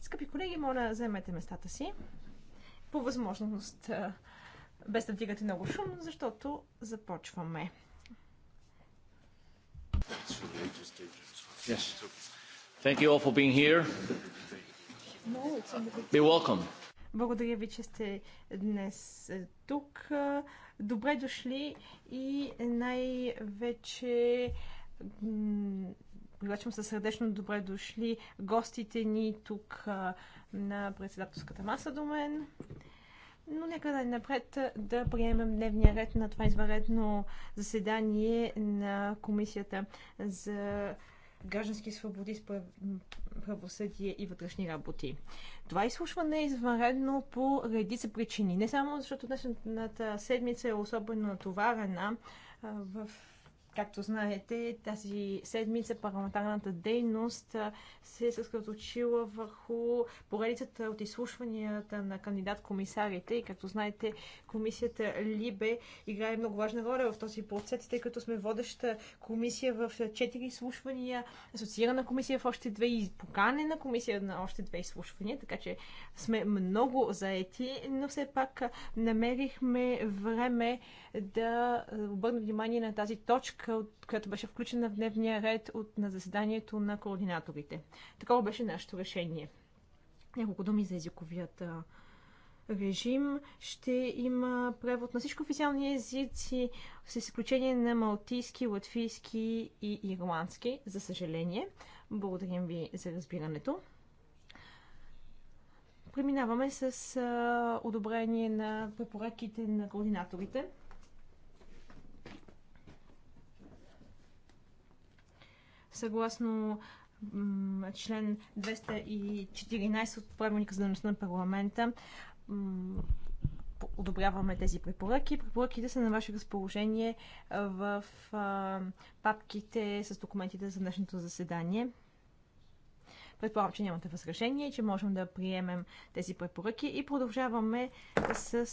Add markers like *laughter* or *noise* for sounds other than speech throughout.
Скъпи колеги, моля, заемете местата си. По възможност, без да вдигате много шум, защото започваме. Yes. Thank you all for being here. Be welcome. Благодаря ви, че сте днес тук. Добре дошли и най-вече Привлечвам се сърдечно добре дошли гостите ни тук на председателската маса до мен. Но нека да напред да приемем дневния ред на това извънредно заседание на Комисията за граждански свободи, правосъдие и вътрешни работи. Това изслушване е извънредно по редица причини. Не само защото днешната седмица е особено натоварена в Както знаете, тази седмица парламентарната дейност се е съсредоточила върху поредицата от изслушванията на кандидат-комисарите. И както знаете, комисията Либе играе много важна роля в този процес, тъй като сме водеща комисия в четири изслушвания, асоциирана комисия в още две и поканена комисия на още две изслушвания, така че сме много заети, но все пак намерихме време да обърна внимание на тази точка, която беше включена в дневния ред от, на заседанието на координаторите. Такова беше нашето решение. Няколко думи за езиковият режим. Ще има превод на всички официални езици, с изключение на малтийски, латвийски и ирландски, за съжаление. Благодарим ви за разбирането. Преминаваме с а, одобрение на препоръките на координаторите. съгласно член 214 от правилника за дейността на парламента одобряваме тези препоръки. Препоръките са на ваше разположение в папките с документите за днешното заседание. Предполагам, че нямате възражение и че можем да приемем тези препоръки и продължаваме с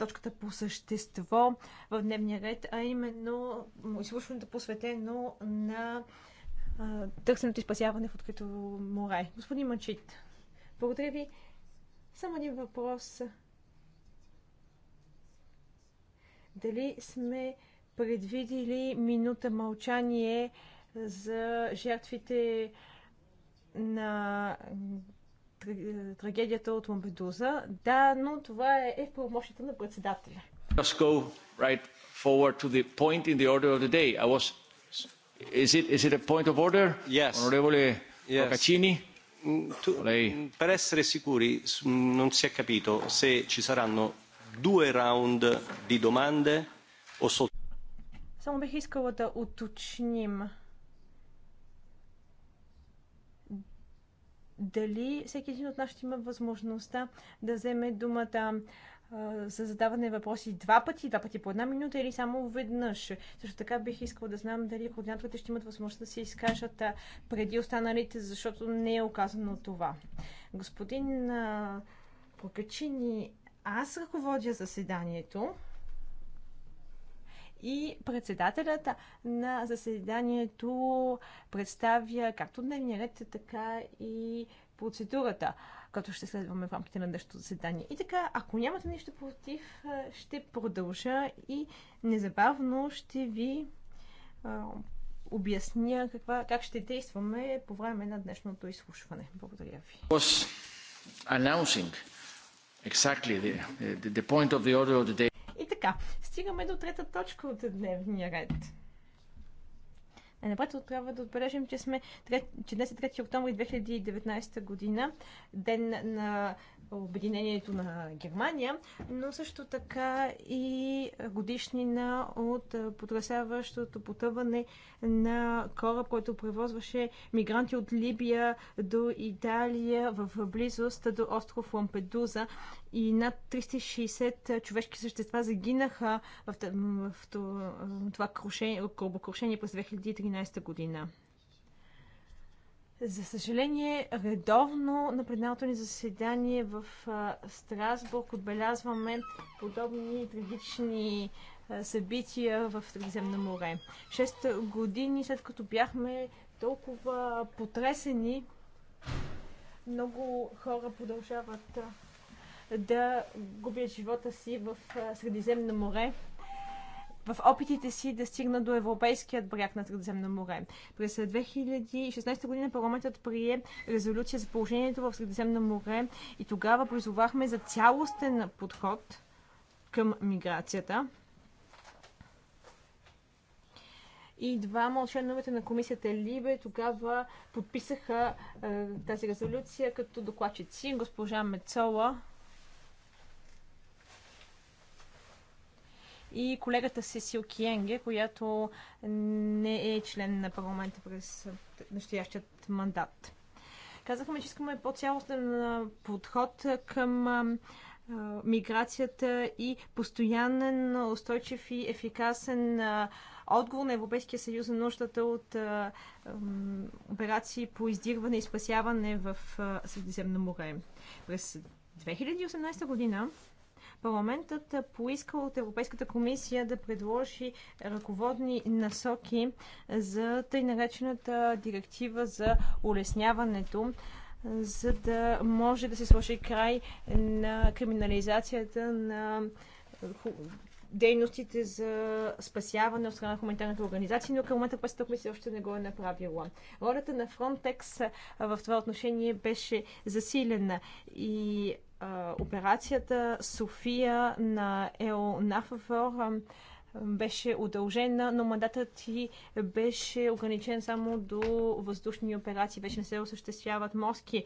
точката по същество в дневния ред, а именно изслушването посветено на търсеното и спасяване в открито море. Господин Мачит, благодаря ви. Само един въпрос. Дали сме предвидили минута мълчание за жертвите на трагедията от Ламбедуза. Да, но това е, е в правомощията на председателя. Just go right forward to the point in the order of the day. I was... Is it, is it a point of order? Yes. Onorevole yes. Procaccini? Tu, per essere sicuri, non si è capito se ci saranno due round di domande o soltanto. Само бих искала да уточним дали всеки един от нас ще има възможността да вземе думата за задаване въпроси два пъти, два пъти по една минута или само веднъж. Също така бих искала да знам дали координаторите ще имат възможност да се изкажат преди останалите, защото не е оказано това. Господин Прокачини, аз ръководя заседанието и председателят на заседанието представя както дневния ред, така и процедурата, като ще следваме в рамките на днешното заседание. И така, ако нямате нищо против, ще продължа и незабавно ще ви а, обясня каква, как ще действаме по време на днешното изслушване. Благодаря ви. Exactly the, the, the point of the order of the day. И така, Стигаме до трета точка от дневния ред. Е, напред трябва да отбележим, че, сме, че днес е 3 октомври 2019 година, ден на Обединението на Германия, но също така и годишнина от потрясаващото потъване на кораб, който превозваше мигранти от Либия до Италия в близост до остров Лампедуза и над 360 човешки същества загинаха в това крушение, корабокрушение през 2013 2011 година. За съжаление, редовно на предналото ни заседание в Страсбург отбелязваме подобни трагични събития в Средиземно море. Шест години след като бяхме толкова потресени, много хора продължават да губят живота си в Средиземно море в опитите си да стигна до европейският бряг на Средиземно море. През 2016 година парламентът прие резолюция за положението в Средиземно море и тогава призовахме за цялостен подход към миграцията. И двама от членовете на комисията Либе тогава подписаха е, тази резолюция като докладчици. Госпожа Мецола и колегата Сесил Киенге, която не е член на парламента през настоящият мандат. Казахме, че искаме по-цялостен подход към миграцията и постоянен, устойчив и ефикасен отговор на Европейския съюз на нуждата от операции по издирване и спасяване в Средиземно море. През 2018 година Парламентът поиска от Европейската комисия да предложи ръководни насоки за тъй наречената директива за улесняването за да може да се сложи край на криминализацията на дейностите за спасяване от страна на хуманитарната организация, но към момента Пъстък ми още не го е направила. Ролята на Frontex в това отношение беше засилена и операцията София на ЕО Нафафор беше удължена, но мандатът ти беше ограничен само до въздушни операции. Вече не се осъществяват морски е,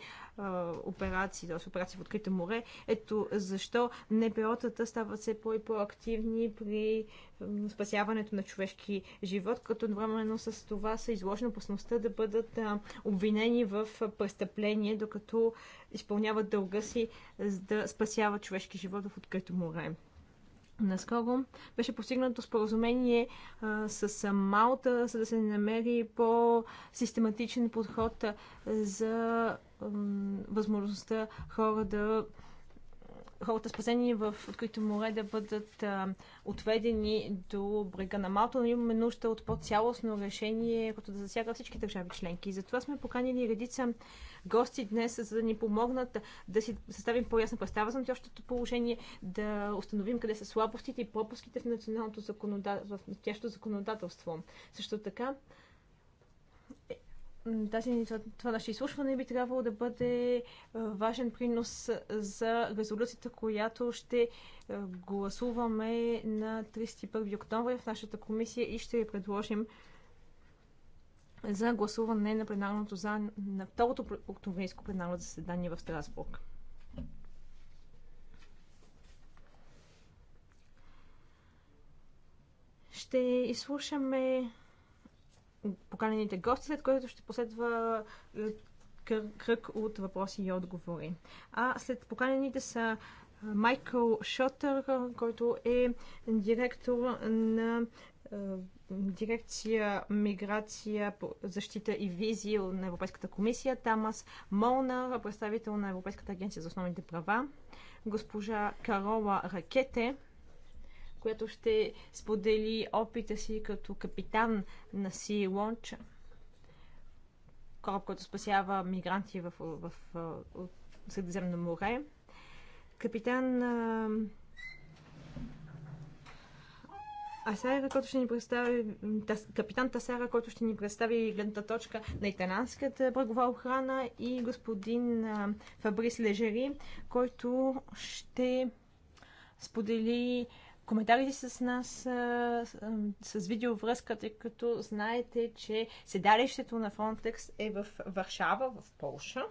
операции, т.е. операции в открито море. Ето защо НПО-тата стават все по- и по-активни при спасяването на човешки живот, като едновременно с това са изложени опасността да бъдат обвинени в престъпление, докато изпълняват дълга си да спасяват човешки живот в открито море. Наскоро беше постигнато споразумение а, с Малта, за да се намери по-систематичен подход за а, възможността хора да хората спасени в открито море да бъдат а, отведени до брега на Малта, но имаме нужда от по-цялостно решение, което да засяга всички държави членки. И затова сме поканили редица гости днес, за да ни помогнат да си съставим по-ясна представа за настоящото положение, да установим къде са слабостите и пропуските в националното законодател... в законодателство. Също така, тази, това наше изслушване би трябвало да бъде е, важен принос за резолюцията, която ще е, гласуваме на 31 октомври в нашата комисия и ще я предложим за гласуване на пленарното за на второто октомврийско пленарно заседание в Страсбург. Ще изслушаме поканените гости, след което ще последва е, кръг от въпроси и отговори. А след поканените са е, Майкъл Шотър, който е директор на е, дирекция Миграция, защита и визия на Европейската комисия, Тамас Молнар, представител на Европейската агенция за основните права, госпожа Карола Ракете, която ще сподели опита си като капитан на Sea Launch, кораб, който спасява мигранти в, в, в Средиземно море. Капитан Асара, който ще ни представи, тас, капитан Тасара, който ще ни представи гледната точка на италянската брегова охрана и господин а, Фабрис Лежери, който ще сподели коментарите с нас с, с видеовръзка, тъй като знаете, че седалището на Frontex е в Варшава, в Полша.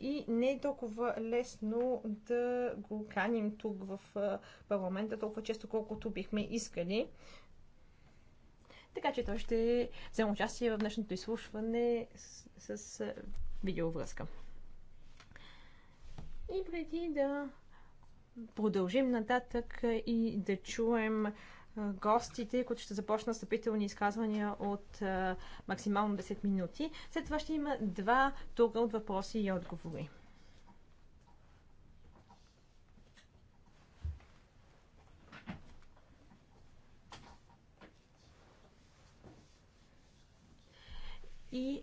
И не е толкова лесно да го каним тук в парламента, толкова често колкото бихме искали. Така че той ще вземе участие в днешното изслушване с, с видеовръзка. И преди да продължим нататък и да чуем гостите, които ще започнат стъпителни изказвания от а, максимално 10 минути. След това ще има два тура от въпроси и отговори. И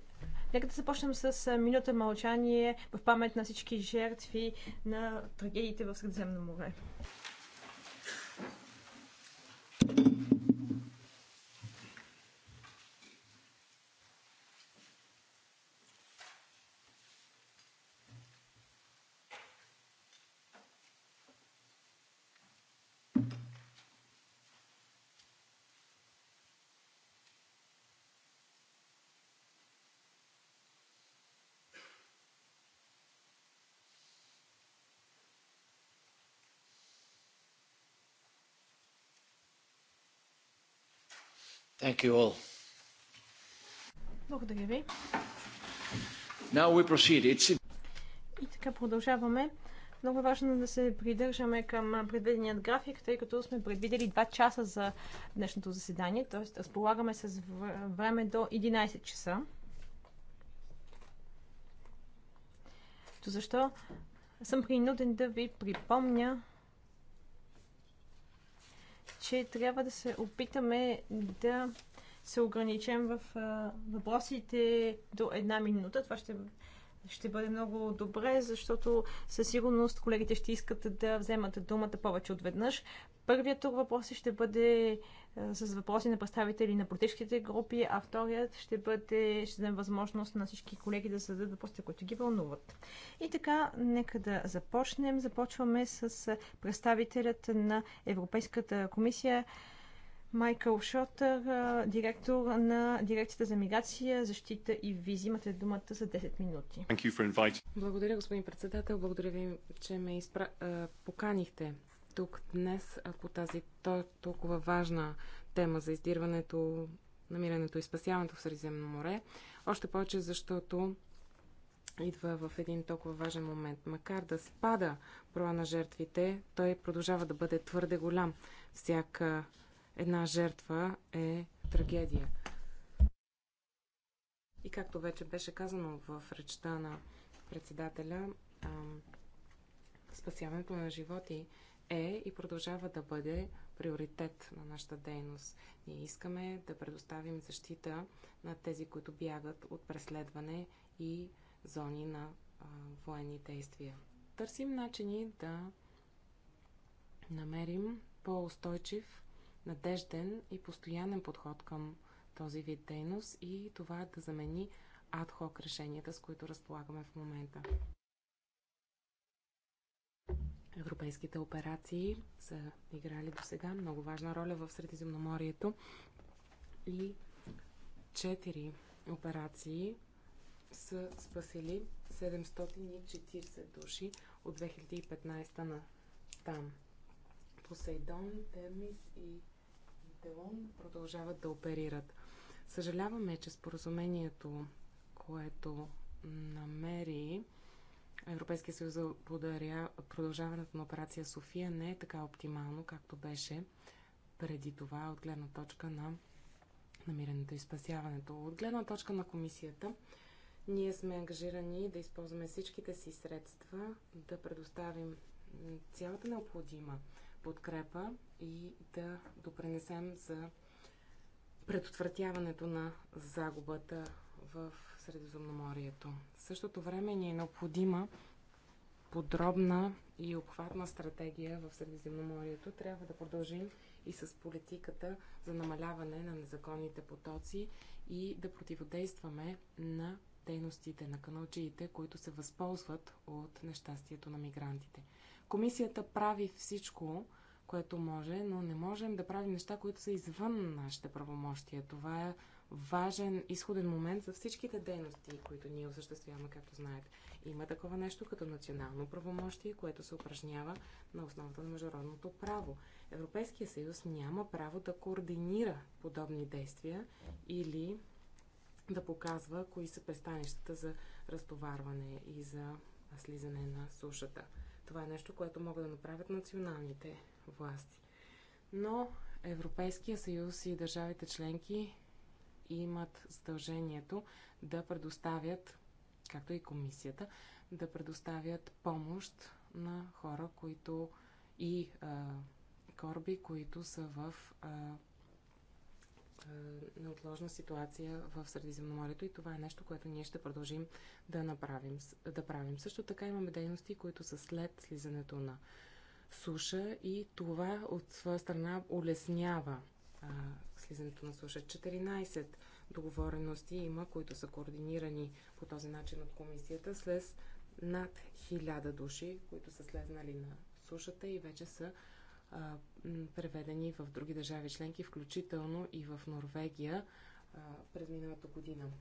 Нека да започнем с минута мълчание в памет на всички жертви на трагедиите в Средиземно море. Thank you all. Благодаря ви. Now we proceed. It's... И така продължаваме. Много е важно да се придържаме към предвиденият график, тъй като сме предвидели 2 часа за днешното заседание, т.е. разполагаме с време до 11 часа. То защо съм принуден да ви припомня, че трябва да се опитаме да се ограничим в въпросите до една минута. Това ще ще бъде много добре, защото със сигурност колегите ще искат да вземат думата повече от веднъж. Първият тур въпрос ще бъде е, с въпроси на представители на политическите групи, а вторият ще бъде, ще дадем възможност на всички колеги да зададат въпросите, които ги вълнуват. И така, нека да започнем. Започваме с е, представителят на Европейската комисия Майкъл Шотър, е, директор на Дирекцията за миграция, защита и визи. Имате думата за 10 минути. Благодаря, господин председател. Благодаря ви, че ме изпра... поканихте тук днес по тази толкова важна тема за издирването, намирането и спасяването в Средиземно море. Още повече, защото идва в един толкова важен момент. Макар да спада броя на жертвите, той продължава да бъде твърде голям. Всяка една жертва е трагедия. И както вече беше казано в речта на председателя, спасяването на животи е и продължава да бъде приоритет на нашата дейност. Ние искаме да предоставим защита на тези, които бягат от преследване и зони на а, военни действия. Търсим начини да намерим по-устойчив, надежден и постоянен подход към този вид дейност и това да замени адхок решенията, с които разполагаме в момента. Европейските операции са играли до сега много важна роля в Средиземноморието и четири операции са спасили 740 души от 2015 на там. Посейдон, Термис и Делон продължават да оперират. Съжаляваме, че споразумението, което намери Европейския съюз за подаря продължаването на операция София не е така оптимално, както беше преди това от гледна точка на намирането и спасяването. От гледна точка на комисията, ние сме ангажирани да използваме всичките си средства, да предоставим цялата необходима подкрепа и да допренесем за предотвратяването на загубата в Средиземноморието. В същото време ни е необходима подробна и обхватна стратегия в Средиземноморието. Трябва да продължим и с политиката за намаляване на незаконните потоци и да противодействаме на дейностите на каналчиите, които се възползват от нещастието на мигрантите. Комисията прави всичко, което може, но не можем да правим неща, които са извън нашите правомощия. Това е важен изходен момент за всичките дейности, които ние осъществяваме, както знаете. Има такова нещо като национално правомощие, което се упражнява на основата на международното право. Европейския съюз няма право да координира подобни действия или да показва кои са пристанищата за разтоварване и за слизане на сушата. Това е нещо, което могат да направят националните власти. Но Европейския съюз и държавите членки имат задължението да предоставят, както и комисията, да предоставят помощ на хора, които и а, кораби, които са в а, а, неотложна ситуация в Средиземноморието и това е нещо, което ние ще продължим да, направим, да правим. Също така имаме дейности, които са след слизането на суша и това от своя страна улеснява а, излизането на суша. 14 договорености има, които са координирани по този начин от комисията след над 1000 души, които са слезнали на сушата и вече са а, преведени в други държави членки, включително и в Норвегия а, през миналата година.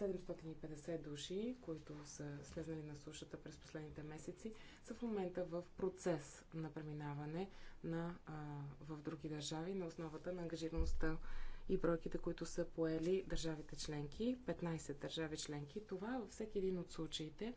750 души, които са слезнали на сушата през последните месеци, са в момента в процес на преминаване на, а, в други държави на основата на ангажираността и бройките, които са поели държавите членки, 15 държави членки. Това във всеки един от случаите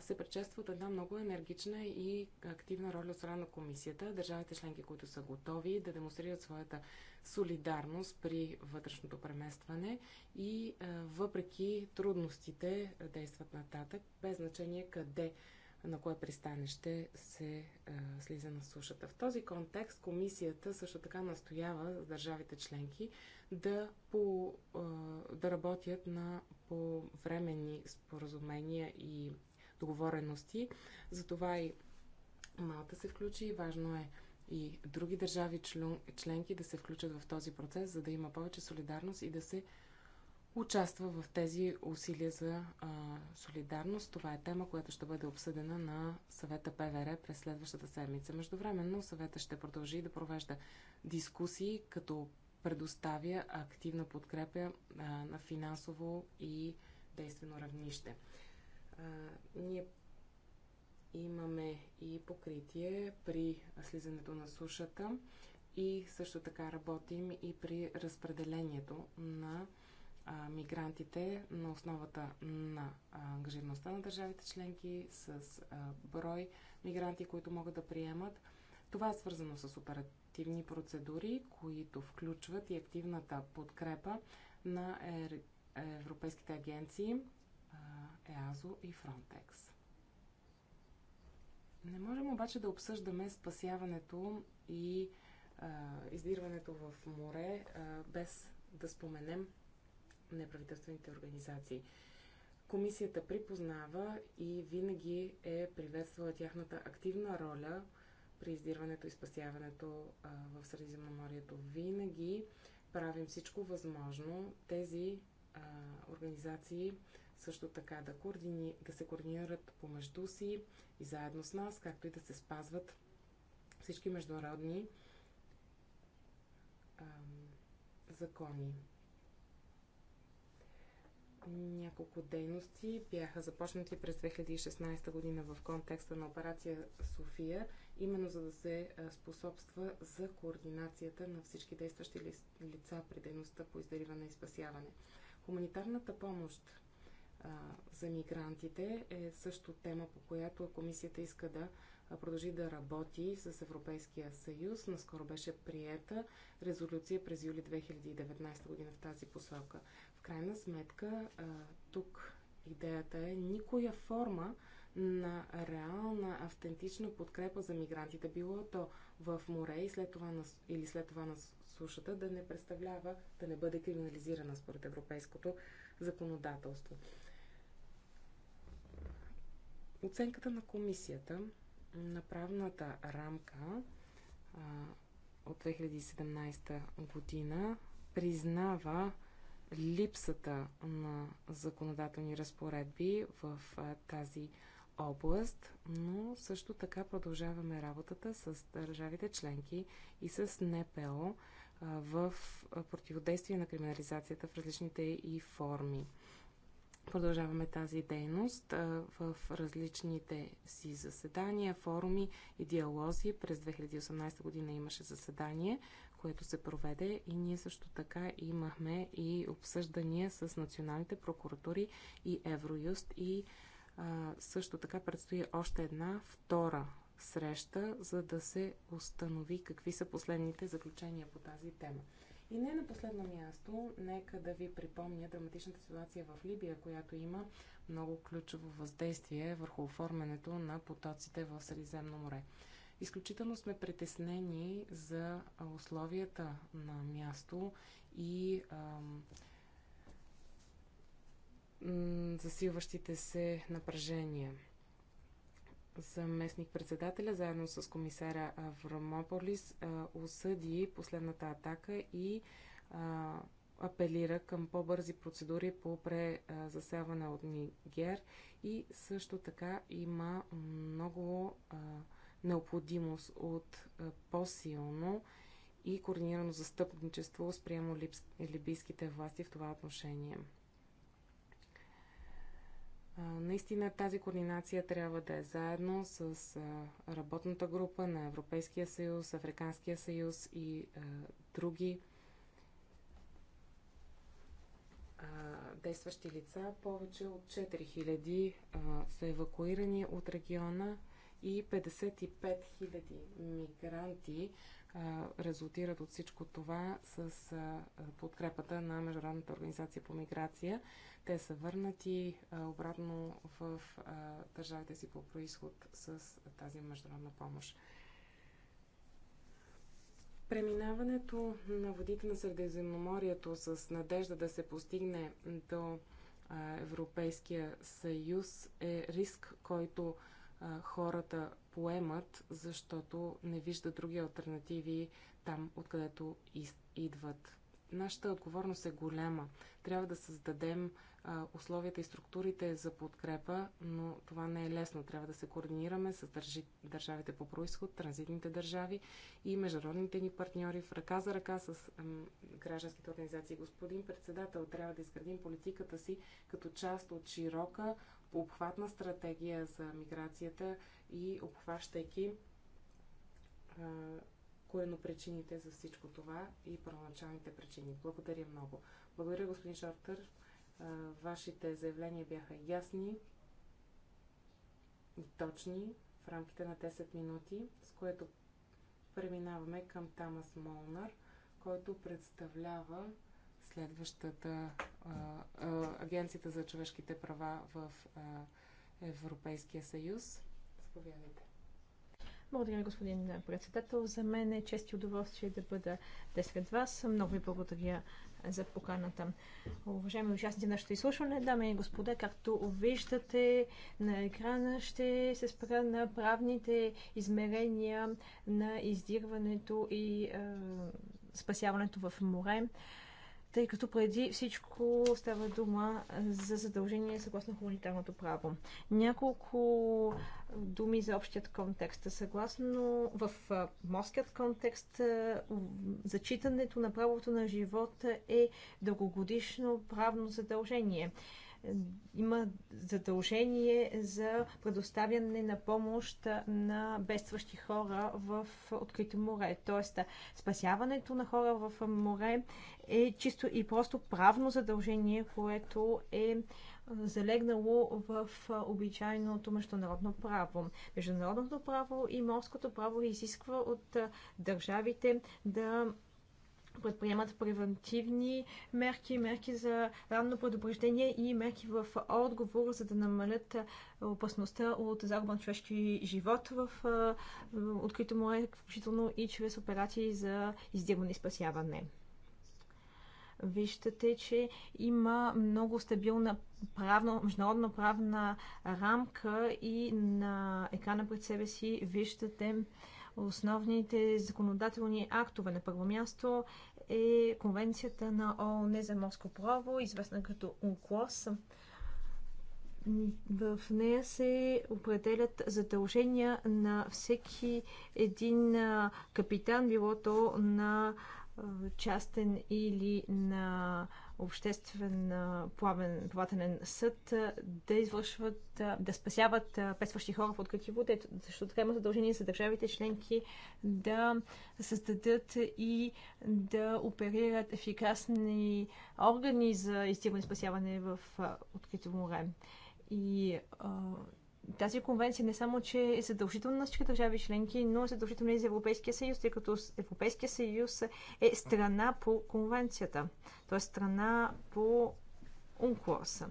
се предшества от една много енергична и активна роля от страна на комисията. Държавите членки, които са готови да демонстрират своята солидарност при вътрешното преместване и въпреки трудностите действат нататък, без значение къде на кое пристанище се а, слиза на сушата. В този контекст комисията също така настоява държавите членки да, по, а, да работят на по временни споразумения и договорености. Затова и Малта се включи и важно е и други държави членки да се включат в този процес, за да има повече солидарност и да се участва в тези усилия за а, солидарност. Това е тема, която ще бъде обсъдена на съвета ПВР през следващата седмица. Междувременно съвета ще продължи да провежда дискусии, като предоставя активна подкрепя а, на финансово и действено равнище а, ние имаме и покритие при слизането на сушата и също така работим и при разпределението на а, мигрантите на основата на ангажираността на държавите членки с а, брой мигранти, които могат да приемат. Това е свързано с оперативни процедури, които включват и активната подкрепа на европейските агенции ЕАЗО и Фронтекс. Не можем обаче да обсъждаме спасяването и а, издирването в море а, без да споменем неправителствените организации. Комисията припознава и винаги е приветствала тяхната активна роля при издирването и спасяването а, в Средиземноморието. Винаги правим всичко възможно тези а, организации също така да, координи, да се координират помежду си и заедно с нас, както и да се спазват всички международни ам, закони. Няколко дейности бяха започнати през 2016 година в контекста на операция София, именно за да се способства за координацията на всички действащи лица при дейността по издариване и спасяване. Хуманитарната помощ за мигрантите е също тема, по която комисията иска да продължи да работи с Европейския съюз. Наскоро беше приета резолюция през юли 2019 година в тази посока. В крайна сметка, тук идеята е никоя форма на реална, автентична подкрепа за мигрантите, било то в море и след това на, или след това на сушата, да не представлява, да не бъде криминализирана според европейското законодателство. Оценката на комисията на правната рамка а, от 2017 година признава липсата на законодателни разпоредби в а, тази област, но също така продължаваме работата с държавите членки и с НПО а, в противодействие на криминализацията в различните и форми. Продължаваме тази дейност в различните си заседания, форуми и диалози. През 2018 година имаше заседание, което се проведе и ние също така имахме и обсъждания с националните прокуратури и Евроюст и също така предстои още една втора среща, за да се установи какви са последните заключения по тази тема. И не на последно място, нека да ви припомня драматичната ситуация в Либия, която има много ключово въздействие върху оформянето на потоците в Средиземно море. Изключително сме притеснени за условията на място и ам, засилващите се напрежения заместник-председателя, заедно с комисаря Аврамополис, осъди последната атака и апелира към по-бързи процедури по презасяване от Нигер и също така има много необходимост от по-силно и координирано застъпничество спрямо либийските власти в това отношение. Наистина тази координация трябва да е заедно с работната група на Европейския съюз, Африканския съюз и а, други а, действащи лица. Повече от 4000 а, са евакуирани от региона и 55 000 мигранти резултират от всичко това с подкрепата на Международната организация по миграция. Те са върнати обратно в държавите си по происход с тази международна помощ. Преминаването на водите на Средиземноморието с надежда да се постигне до Европейския съюз е риск, който а, хората поемат, защото не виждат други альтернативи там, откъдето идват. Нашата отговорност е голяма. Трябва да създадем а, условията и структурите за подкрепа, но това не е лесно. Трябва да се координираме с държи, държавите по происход, транзитните държави и международните ни партньори в ръка за ръка с а, гражданските организации. Господин председател, трябва да изградим политиката си като част от широка обхватна стратегия за миграцията и обхващайки причините за всичко това и първоначалните причини. Благодаря много. Благодаря, господин Шортер. Вашите заявления бяха ясни и точни в рамките на 10 минути, с което преминаваме към Тамас Молнар, който представлява следващата а, а, Агенцията за човешките права в а, Европейския съюз. Заповядайте. Благодаря, господин председател. За мен е чест и удоволствие да бъда днес сред вас. Много ви благодаря за поканата. Уважаеми участници на нашето изслушване, дами и господа, както виждате на екрана, ще се спра на правните измерения на издирването и е, спасяването в море. Е, тъй като преди всичко става дума за задължение съгласно хуманитарното право. Няколко думи за общият контекст. Съгласно в морският контекст, зачитането на правото на живот е дългогодишно правно задължение има задължение за предоставяне на помощ на бедстващи хора в открито море. Тоест, спасяването на хора в море е чисто и просто правно задължение, което е залегнало в обичайното международно право. Международното право и морското право изисква от държавите да предприемат превентивни мерки, мерки за ранно предупреждение и мерки в отговор, за да намалят опасността от загуба на човешки живот в открито море, включително и чрез операции за издигване и спасяване виждате, че има много стабилна правна, международна правна рамка и на екрана пред себе си виждате основните законодателни актове. На първо място е Конвенцията на ООН за морско право, известна като УНКЛОС. В нея се определят задължения на всеки един капитан, било то на частен или на обществен плавен, плавателен съд да извършват, да спасяват песващи хора в открити води. защото така има задължение за държавите членки да създадат и да оперират ефикасни органи за изтиване и спасяване в открито море. И тази конвенция не само, че е задължителна на всички държави членки, но е задължителна и за Европейския съюз, тъй като Европейския съюз е страна по конвенцията, т.е. страна по УНКЛОС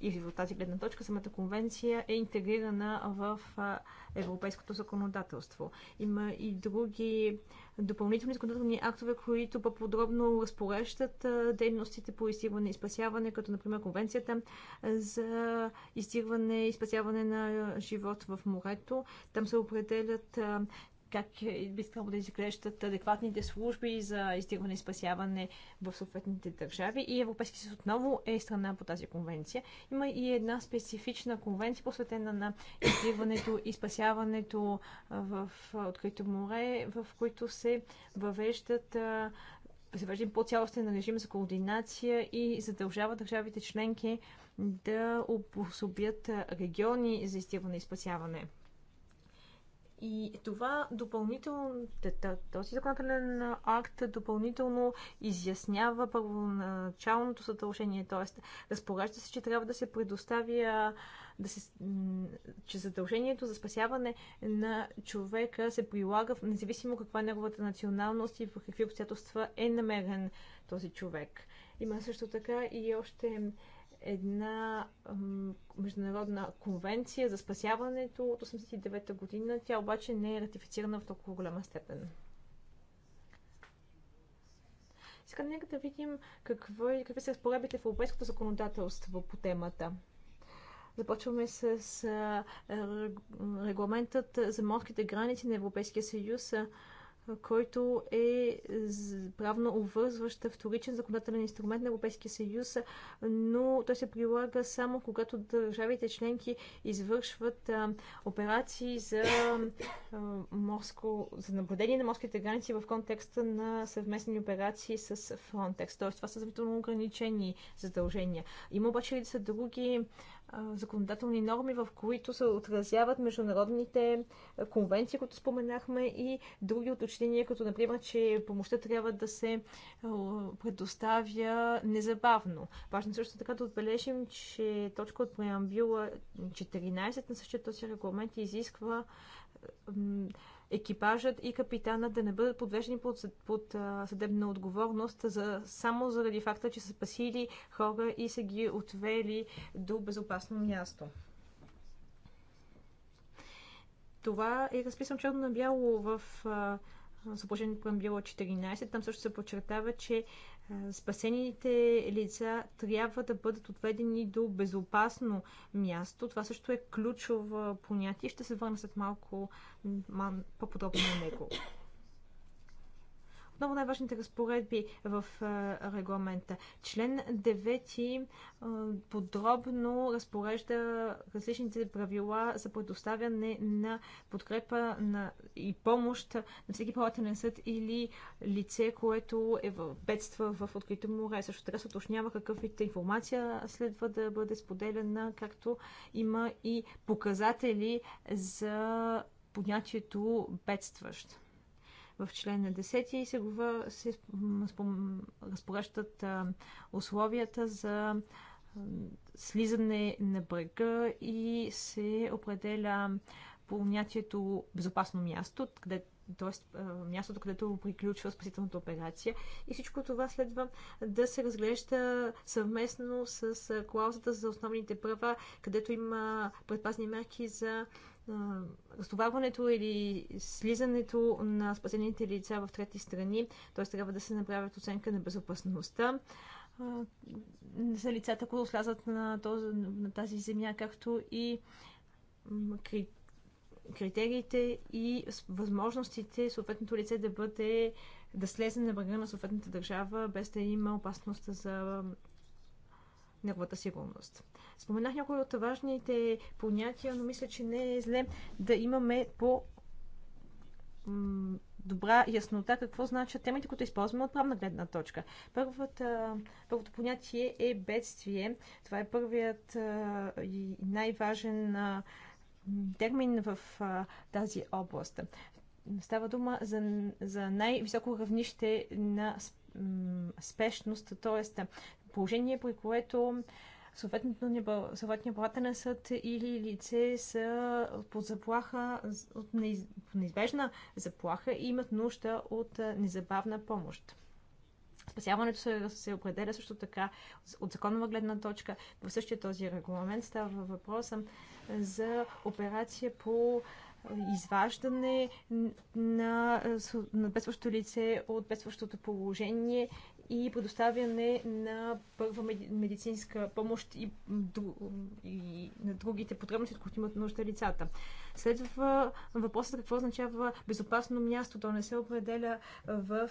и в тази гледна точка самата конвенция е интегрирана в европейското законодателство. Има и други допълнителни законодателни актове, които по-подробно разпореждат дейностите по изтигване и спасяване, като например конвенцията за изтигване и спасяване на живот в морето. Там се определят как е, би трябвало да изглеждат адекватните служби за издигване и спасяване в съответните държави. И Европейски съюз отново е страна по тази конвенция. Има и една специфична конвенция, посветена на издигването и спасяването в открито море, в които се въвеждат завеждам по-цялостен режим за координация и задължава държавите членки да обособят региони за изтиване и спасяване. И това допълнително, този законодателен акт допълнително изяснява първоначалното съдължение, т.е. разпоражда се, че трябва да се предоставя да се, че задължението за спасяване на човека се прилага независимо каква е неговата националност и в какви обстоятелства е намерен този човек. Има също така и още една международна конвенция за спасяването от 89-та година. Тя обаче не е ратифицирана в толкова голяма степен. Сега нека да видим какво, е- какви са разпоредбите в европейското законодателство по темата. Започваме с, с регламентът за морските граници на Европейския съюз, който е правно обвързващ вторичен законодателен инструмент на Европейския съюз, но той се прилага само когато държавите членки извършват операции за, морско, за наблюдение на морските граници в контекста на съвместни операции с Frontex. Тоест, това са значително ограничени задължения. Има обаче и да са други законодателни норми, в които се отразяват международните конвенции, които споменахме и други уточнения, като например, че помощта трябва да се предоставя незабавно. Важно е също така да отбележим, че точка от преамбюла 14 на същия този регламент изисква екипажът и капитанът да не бъдат подвеждани под, под а, съдебна отговорност за, само заради факта, че са спасили хора и са ги отвели до безопасно място. Това е разписано черно на бяло в а, съпложението към било 14. Там също се подчертава, че е, спасените лица трябва да бъдат отведени до безопасно място. Това също е ключово понятие. Ще се върна след малко по-подробно на него отново най-важните разпоредби в е, регламента. Член 9 е, подробно разпорежда различните правила за предоставяне на подкрепа на и помощ на всеки плавателен съд или лице, което е в бедства в открито море. Също така се уточнява какъв вид информация следва да бъде споделена, както има и показатели за понятието бедстващ в член на 10 и се, се разпоръщат условията за слизане на брега и се определя понятието безопасно място, къде, т.е. мястото, където приключва спасителната операция. И всичко това следва да се разглежда съвместно с клаузата за основните права, където има предпазни мерки за разтоварването или слизането на спасените лица в трети страни, т.е. трябва да се направят оценка на безопасността за лицата, които слязат на, този, на тази земя, както и критериите и възможностите съответното лице да бъде да слезе на брега на съответната държава, без да има опасност за неговата сигурност. Споменах някои от важните понятия, но мисля, че не е зле да имаме по добра яснота какво значат темите, които използваме от правна гледна точка. Първата, първото понятие е бедствие. Това е първият и най-важен термин в тази област. Става дума за, за най-високо равнище на спешност, т.е. положение, при което съответния платен съд или лице са под заплаха, от неизбежна заплаха и имат нужда от незабавна помощ. Спасяването се, се определя също така от законова гледна точка. В същия този регламент става въпроса за операция по изваждане на, на бедстващото лице от бедстващото положение и предоставяне на първа медицинска помощ и, и на другите потребности, от които имат нужда лицата. Следва въпросът какво означава безопасно място. То не се определя в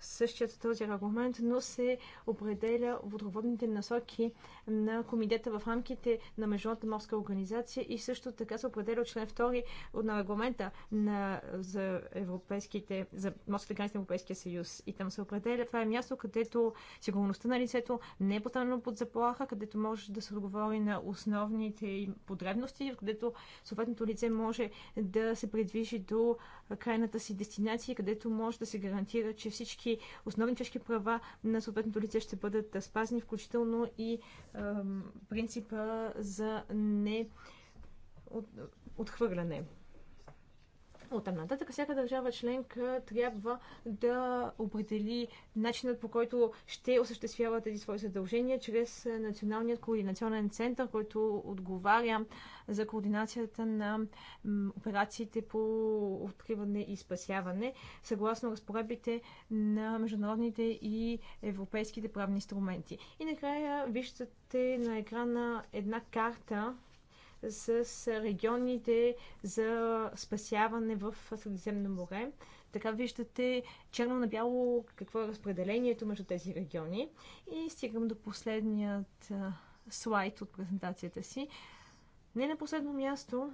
същият този регламент, но се определя водроводните насоки на комитета в рамките на Международната морска организация и също така се определя от член 2 на регламента на, за, европейските, за морските граници на Европейския съюз. И там се определя. Това е място, където сигурността на лицето не е поставено под заплаха, където може да се отговори на основните потребности, където съответното лице може да се предвижи до крайната си дестинация, където може да се гарантира, че всички основни човешки права на съответното лице ще бъдат спазни, включително и принципа за не отхвърляне. От там нататък всяка държава членка трябва да определи начинът по който ще осъществява тези свои задължения чрез Националният координационен център, който отговаря за координацията на операциите по откриване и спасяване, съгласно разпоредбите на международните и европейските правни инструменти. И накрая виждате на екрана една карта, с регионите за спасяване в Средиземно море. Така виждате черно на бяло какво е разпределението между тези региони. И стигам до последният слайд от презентацията си. Не на последно място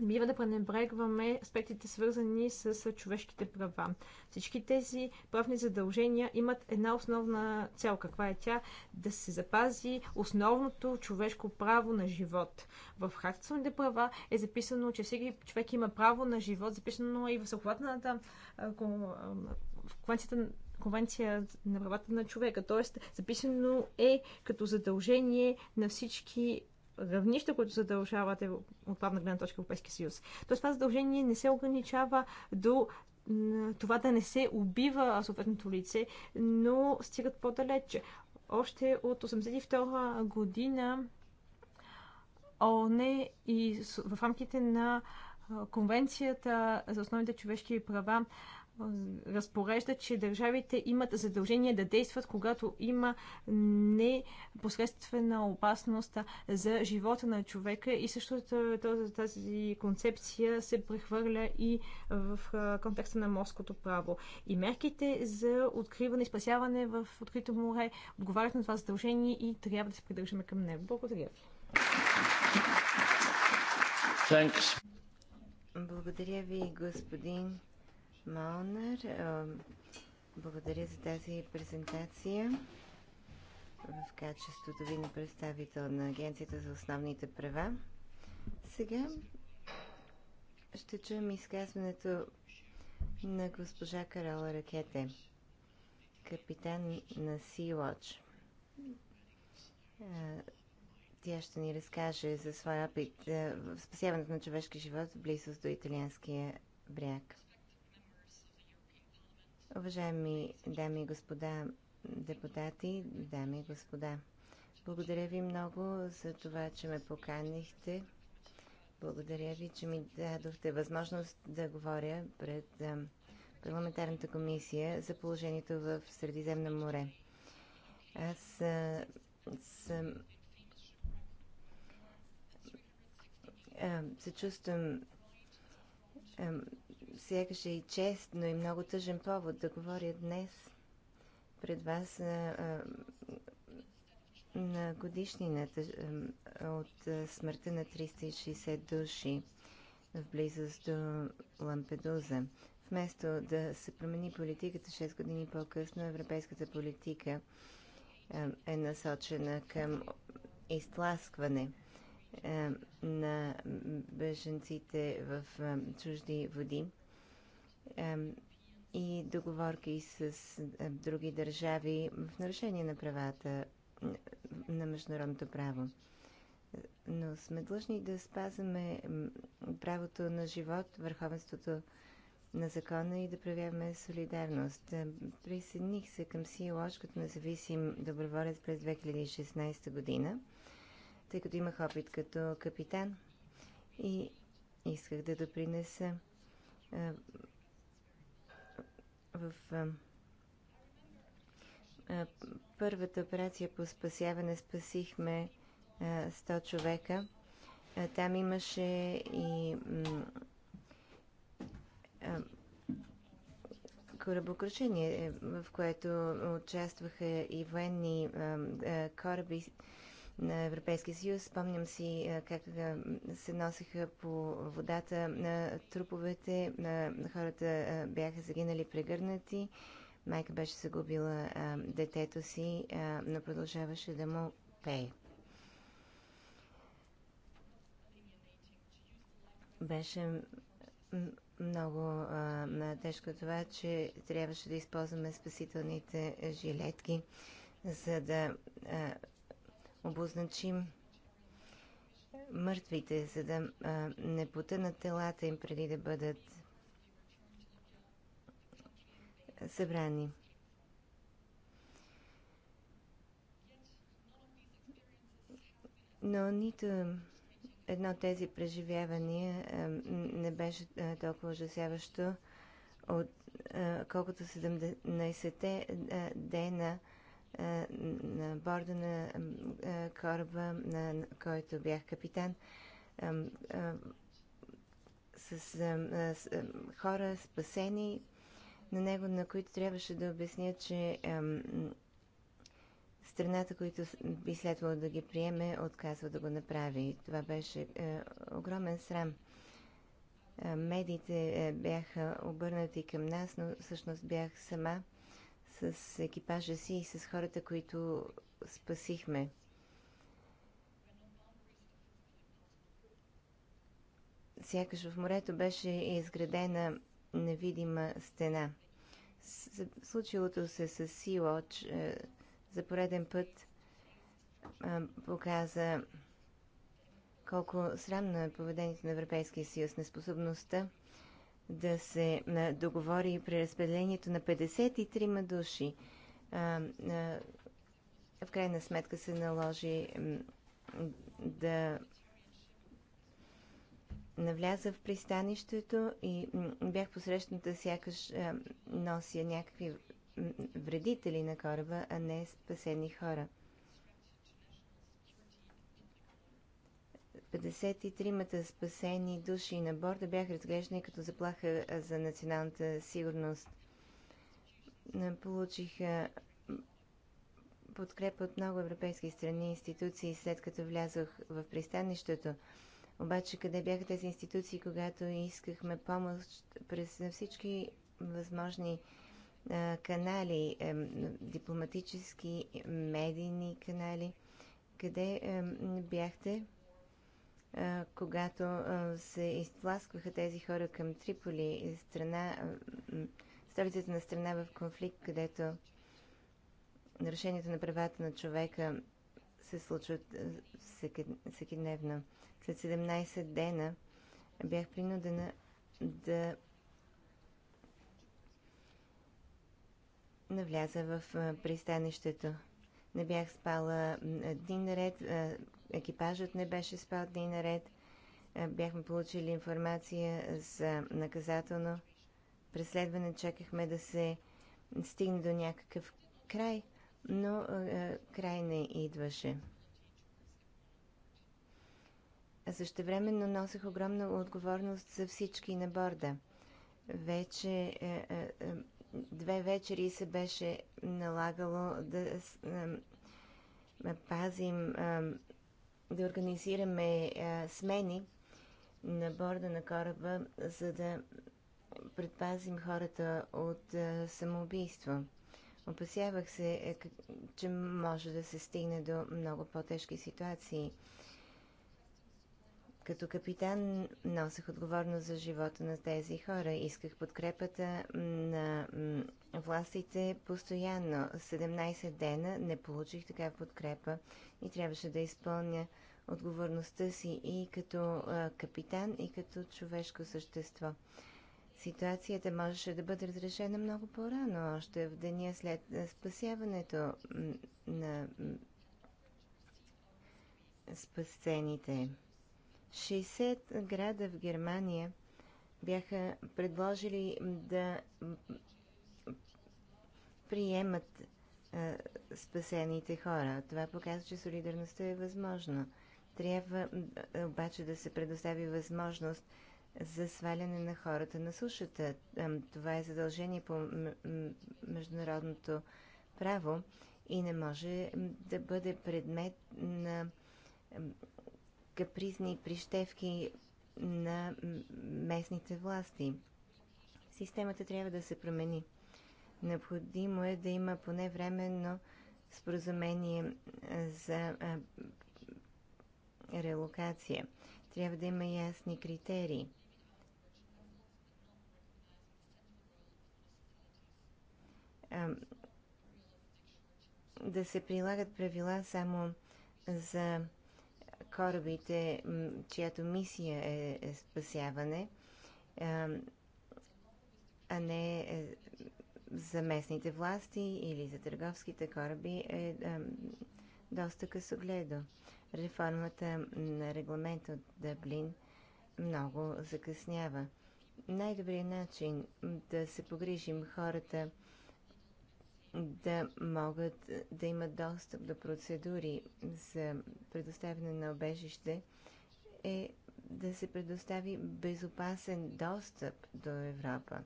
не бива да пренебрегваме аспектите свързани с човешките права. Всички тези правни задължения имат една основна цел. Каква е тя? Да се запази основното човешко право на живот. В хартствените права е записано, че всеки човек има право на живот, записано е и в съхватната конвенцията Конвенция на правата на човека. Тоест, записано е като задължение на всички равнища, които задължават от правна гледна точка Европейския съюз. Тоест това задължение не се ограничава до това да не се убива съответното лице, но стигат по-далече. Още от 1982 година ОНЕ и в рамките на Конвенцията за основните човешки права разпорежда, че държавите имат задължение да действат, когато има непосредствена опасност за живота на човека и също тази концепция се прехвърля и в контекста на морското право. И мерките за откриване и спасяване в открито море отговарят на това задължение и трябва да се придържаме към него. Благодаря ви. Thanks. Благодаря ви, господин Малнер, Благодаря за тази презентация в качеството ви на представител на Агенцията за основните права. Сега ще чуем изказването на госпожа Карола Ракете, капитан на Sea-Watch. Тя ще ни разкаже за своя опит в спасяването на човешки живот в близост до италианския бряг. Уважаеми дами и господа депутати, дами и господа, благодаря ви много за това, че ме поканихте. Благодаря ви, че ми дадохте възможност да говоря пред парламентарната комисия за положението в Средиземно море. Аз съм. се чувствам сякаш е и чест, но и много тъжен повод да говоря днес пред вас а, а, на годишнината от смъртта на 360 души в близост до Лампедуза. Вместо да се промени политиката 6 години по-късно, европейската политика е насочена към изтласкване на беженците в чужди води и договорки с е, други държави в нарушение на правата на международното право. Но сме длъжни да спазваме правото на живот, върховенството на закона и да проявяваме солидарност. Присъединих се към СИОЖ като независим доброволец през 2016 година, тъй като имах опит като капитан и исках да допринеса е, в първата операция по спасяване спасихме 100 човека. Там имаше и корабокрушение, в което участваха и военни кораби на Европейския съюз. Спомням си как се носеха по водата на труповете. Хората бяха загинали прегърнати. Майка беше загубила детето си, но продължаваше да му пее. Беше много а, тежко това, че трябваше да използваме спасителните жилетки, за да а, обозначим мъртвите, за да а, не потънат телата им преди да бъдат събрани. Но нито едно от тези преживявания а, не беше а, толкова ужасяващо, от, а, колкото 17-те дена е, на борда на е, кораба, на който бях капитан, с хора спасени на него, на които трябваше да обясня, че страната, която би следвало да ги приеме, отказва да го направи. Това беше е, огромен срам. Медиите бяха обърнати към нас, но всъщност бях сама с екипажа си и с хората, които спасихме. Сякаш в морето беше изградена невидима стена. Случилото се с Силоч е, за пореден път показа колко срамно е поведението на Европейския съюз, неспособността да се договори при разпределението на 53 души. В крайна сметка се наложи да навляза в пристанището и бях посрещната сякаш нося някакви вредители на кораба, а не спасени хора. 53-мата спасени души на борда бяха разглеждани като заплаха за националната сигурност. Получиха подкрепа от много европейски страни и институции, след като влязох в пристанището. Обаче къде бяха тези институции, когато искахме помощ през всички възможни канали, дипломатически, медийни канали? Къде бяхте? когато се изтласкваха тези хора към Триполи, страна, столицата на страна в конфликт, където нарушението на правата на човека се случват всеки, дневно. След 17 дена бях принудена да навляза в пристанището. Не бях спала един наред, екипажът не беше спал дни наред. Е, бяхме получили информация за наказателно преследване. Чакахме да се стигне до някакъв край, но е, край не идваше. А времено носех огромна отговорност за всички на борда. Вече е, две вечери се беше налагало да пазим да организираме а, смени на борда на кораба, за да предпазим хората от а, самоубийство. Опасявах се, е, че може да се стигне до много по-тежки ситуации. Като капитан носех отговорност за живота на тези хора. Исках подкрепата на властите постоянно. 17 дена не получих така подкрепа и трябваше да изпълня отговорността си и като капитан, и като човешко същество. Ситуацията можеше да бъде разрешена много по-рано, още в деня след спасяването на спасените. 60 града в Германия бяха предложили да приемат а, спасените хора. Това показва, че солидарността е възможна. Трябва обаче да се предостави възможност за сваляне на хората на сушата. Това е задължение по международното право и не може да бъде предмет на капризни прищевки на местните власти. Системата трябва да се промени. Необходимо е да има поне временно споразумение за релокация. Трябва да има ясни критерии. Да се прилагат правила само за корабите, чиято мисия е, е спасяване, а не е, за местните власти или за търговските кораби, е доста късогледо. Реформата на регламент от Дъблин много закъснява. Най-добрият начин да се погрижим хората да могат да имат достъп до процедури за предоставяне на обежище е да се предостави безопасен достъп до Европа.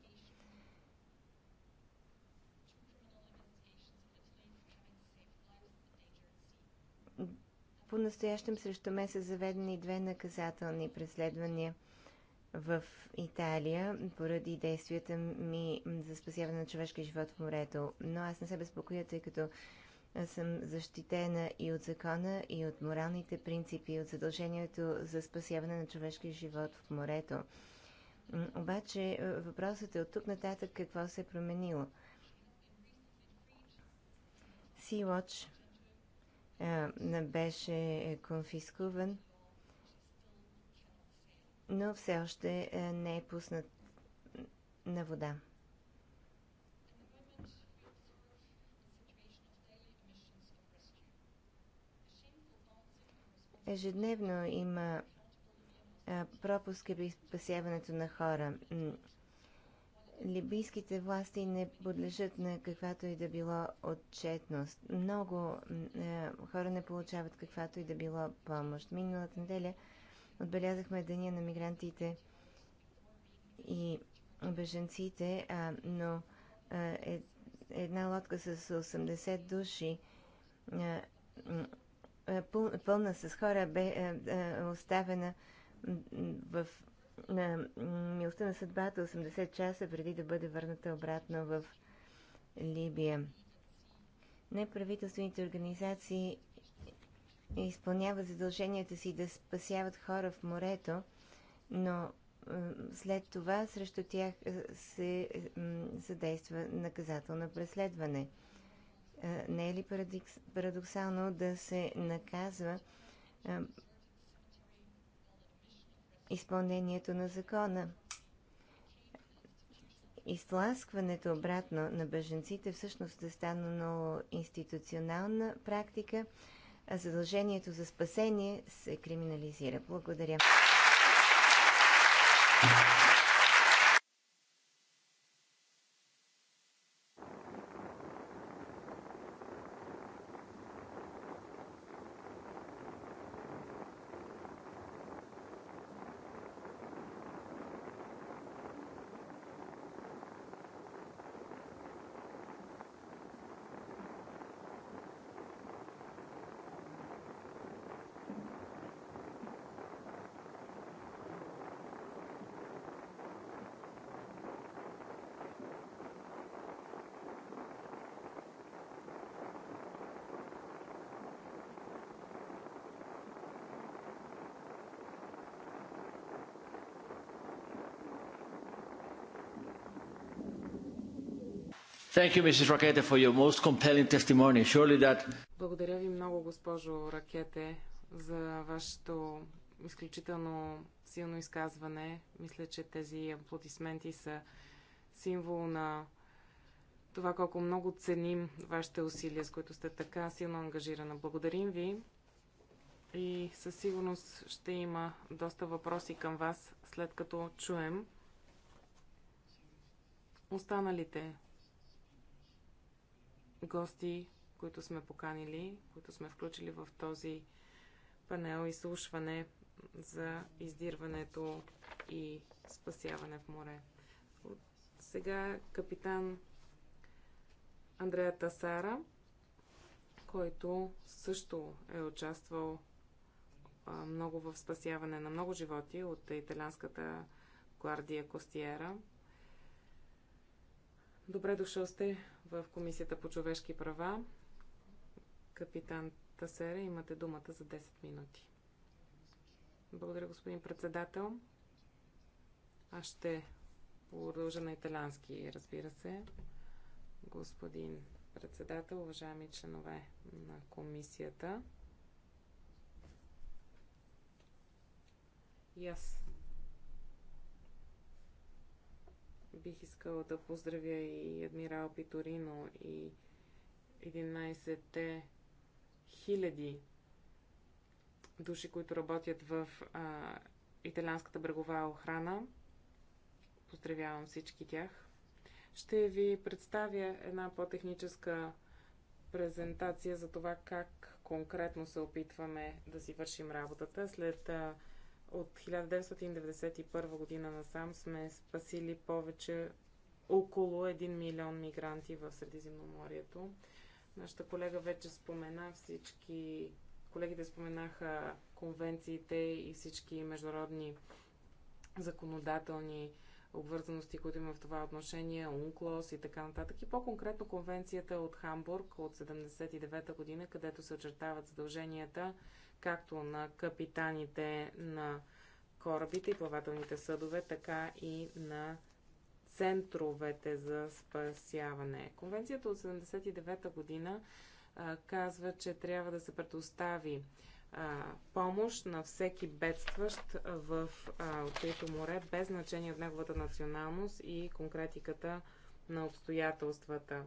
По-настоящем срещу мен са заведени две наказателни преследвания – в Италия поради действията ми за спасяване на човешки живот в морето. Но аз не се безпокоя, тъй като съм защитена и от закона, и от моралните принципи, и от задължението за спасяване на човешки живот в морето. Обаче е, въпросът е от тук нататък какво се е променило. Sea-Watch е, беше конфискуван но все още е, не е пуснат на вода. Ежедневно има пропуски при спасяването на хора. Либийските власти не подлежат на каквато и да било отчетност. Много е, хора не получават каквато и да било помощ. Миналата неделя отбелязахме Деня на мигрантите и беженците, а, но а, е, една лодка с 80 души, а, а, е, пъл, пълна с хора, бе а, е, а, е, оставена в на милостта на съдбата 80 часа преди да бъде върната обратно в Либия. Неправителствените организации изпълняват задълженията си да спасяват хора в морето, но след това срещу тях е, се е, задейства наказателно преследване. Е, не е ли парадоксално да се наказва изпълнението на закона? Изтласкването обратно на беженците всъщност е станало институционална практика, а задължението за спасение се криминализира. Благодаря. Благодаря ви много, госпожо Ракете, за вашето изключително силно изказване. Мисля, че тези аплодисменти са символ на това колко много ценим вашите усилия, с които сте така силно ангажирана. Благодарим ви и със сигурност ще има доста въпроси към вас, след като чуем останалите гости, които сме поканили, които сме включили в този панел изслушване за издирването и спасяване в море. От сега капитан Андрея Тасара, който също е участвал много в спасяване на много животи от италянската гвардия Костиера. Добре дошъл сте в Комисията по човешки права. Капитан Тасера, имате думата за 10 минути. Благодаря, господин председател. Аз ще продължа на италянски, разбира се. Господин председател, уважаеми членове на комисията. И аз Бих искала да поздравя и адмирал Питорино и 11-те хиляди души, които работят в а, италианската брегова охрана. Поздравявам всички тях. Ще ви представя една по-техническа презентация за това как конкретно се опитваме да си вършим работата. След а, от 1991 година насам сме спасили повече около 1 милион мигранти в Средиземноморието. Нашата колега вече спомена всички, колегите споменаха конвенциите и всички международни законодателни обвързаности, които има в това отношение, УНКЛОС и така нататък. И по-конкретно конвенцията от Хамбург от 79-та година, където се очертават задълженията както на капитаните на корабите и плавателните съдове, така и на центровете за спасяване. Конвенцията от 79-та година а, казва, че трябва да се предостави а, помощ на всеки бедстващ в а, открито море, без значение от неговата националност и конкретиката на обстоятелствата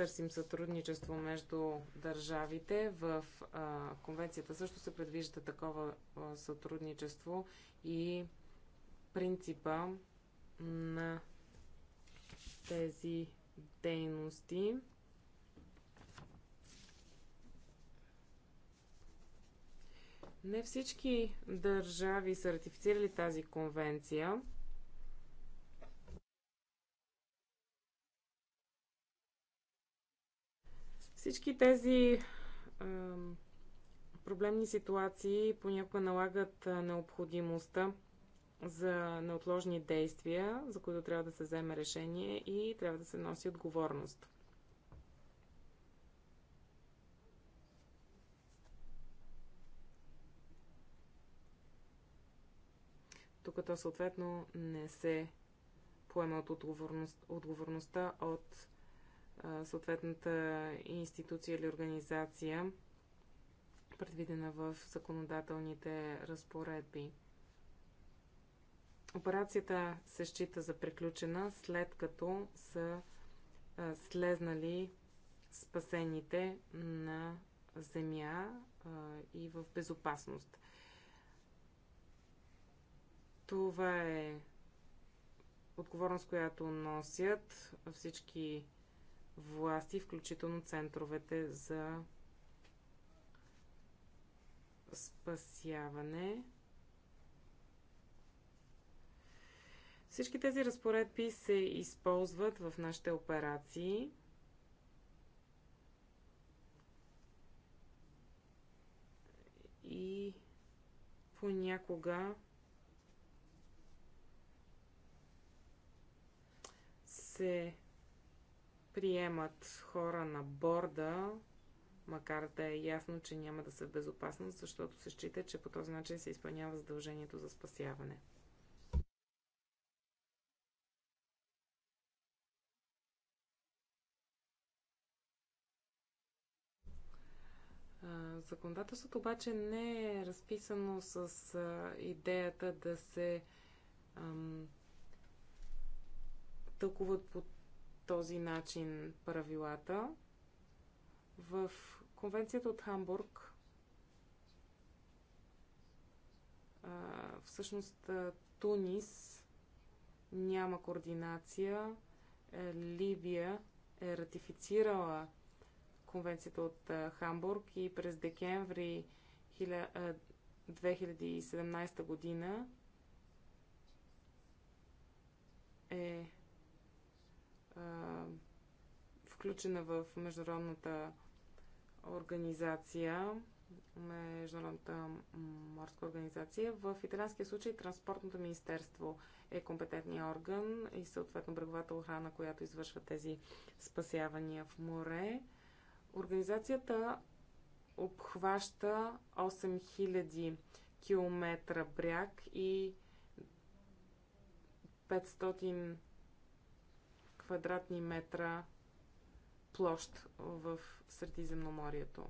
търсим сътрудничество между държавите. В а, конвенцията също се предвижда такова а, сътрудничество и принципа на тези дейности. Не всички държави са ратифицирали тази конвенция. Всички тези проблемни ситуации понякога налагат необходимостта за неотложни действия, за които трябва да се вземе решение и трябва да се носи отговорност. Тук то съответно не се поема от отговорност, отговорността от съответната институция или организация, предвидена в законодателните разпоредби. Операцията се счита за приключена след като са слезнали спасените на земя и в безопасност. Това е отговорност, която носят всички власти, включително центровете за спасяване. Всички тези разпоредби се използват в нашите операции. И понякога се приемат хора на борда, макар да е ясно, че няма да са в безопасност, защото се счита, че по този начин се изпълнява задължението за спасяване. Законодателството обаче не е разписано с идеята да се ам, тълкуват по този начин правилата. В конвенцията от Хамбург всъщност Тунис няма координация. Е, Либия е ратифицирала конвенцията от Хамбург и през декември 2017 година е включена в международната организация, Международната морска организация. В италянския случай Транспортното министерство е компетентния орган и съответно бреговата охрана, която извършва тези спасявания в море. Организацията обхваща 8000 км бряг и 500 квадратни метра площ в Средиземноморието.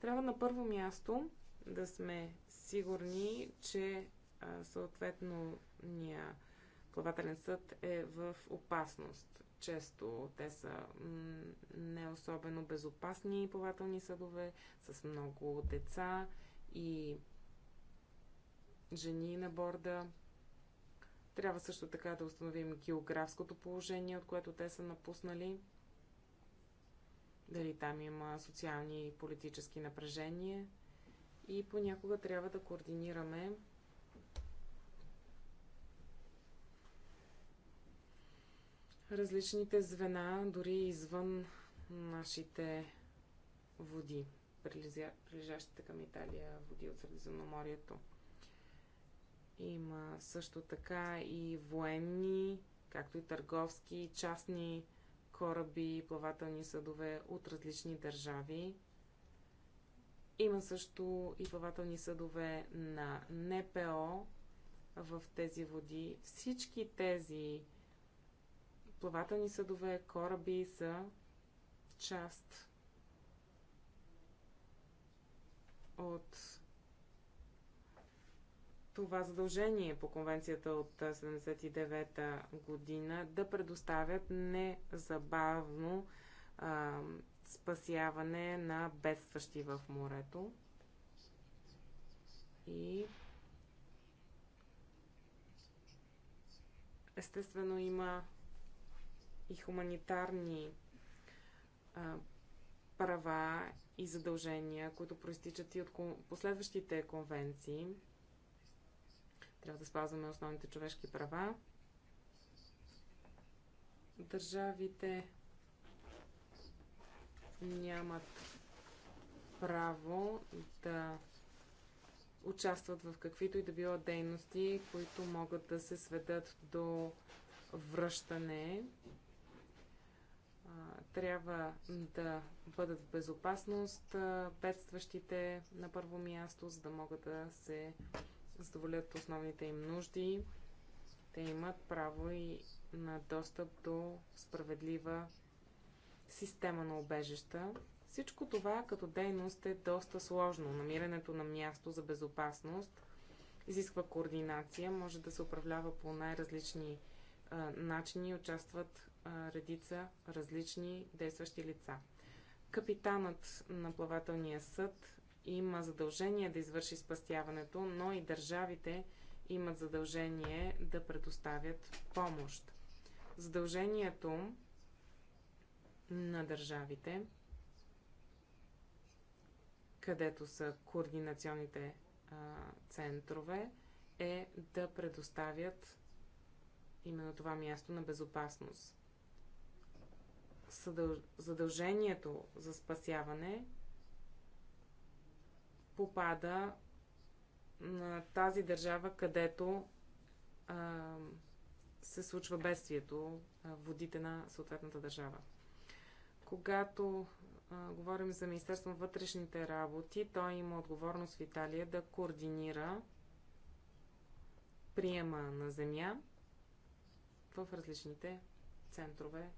Трябва на първо място да сме сигурни, че съответно ния плавателен съд е в опасност. Често те са не особено безопасни плавателни съдове, с много деца и жени на борда. Трябва също така да установим географското положение, от което те са напуснали. Дали там има социални и политически напрежения. И понякога трябва да координираме различните звена, дори извън нашите води, прилежащите към Италия води от Средиземноморието. Има също така и военни, както и търговски, частни кораби и плавателни съдове от различни държави. Има също и плавателни съдове на НПО в тези води. Всички тези плавателни съдове, кораби са част от това задължение по конвенцията от 79-та година да предоставят незабавно а, спасяване на бедстващи в морето. И естествено има и хуманитарни а, права и задължения, които проистичат и от последващите конвенции. Трябва да спазваме основните човешки права. Държавите нямат право да участват в каквито и да било дейности, които могат да се сведат до връщане. Трябва да бъдат в безопасност бедстващите на първо място, за да могат да се задоволят основните им нужди, те имат право и на достъп до справедлива система на обежища. Всичко това като дейност е доста сложно. Намирането на място за безопасност изисква координация, може да се управлява по най-различни начини участват а, редица различни действащи лица. Капитанът на плавателния съд има задължение да извърши спастяването, но и държавите имат задължение да предоставят помощ. Задължението на държавите, където са координационните а, центрове, е да предоставят именно това място на безопасност. Задължението за спасяване попада на тази държава, където а, се случва бедствието, водите на съответната държава. Когато а, говорим за Министерство на вътрешните работи, той има отговорност в Италия да координира приема на земя в различните центрове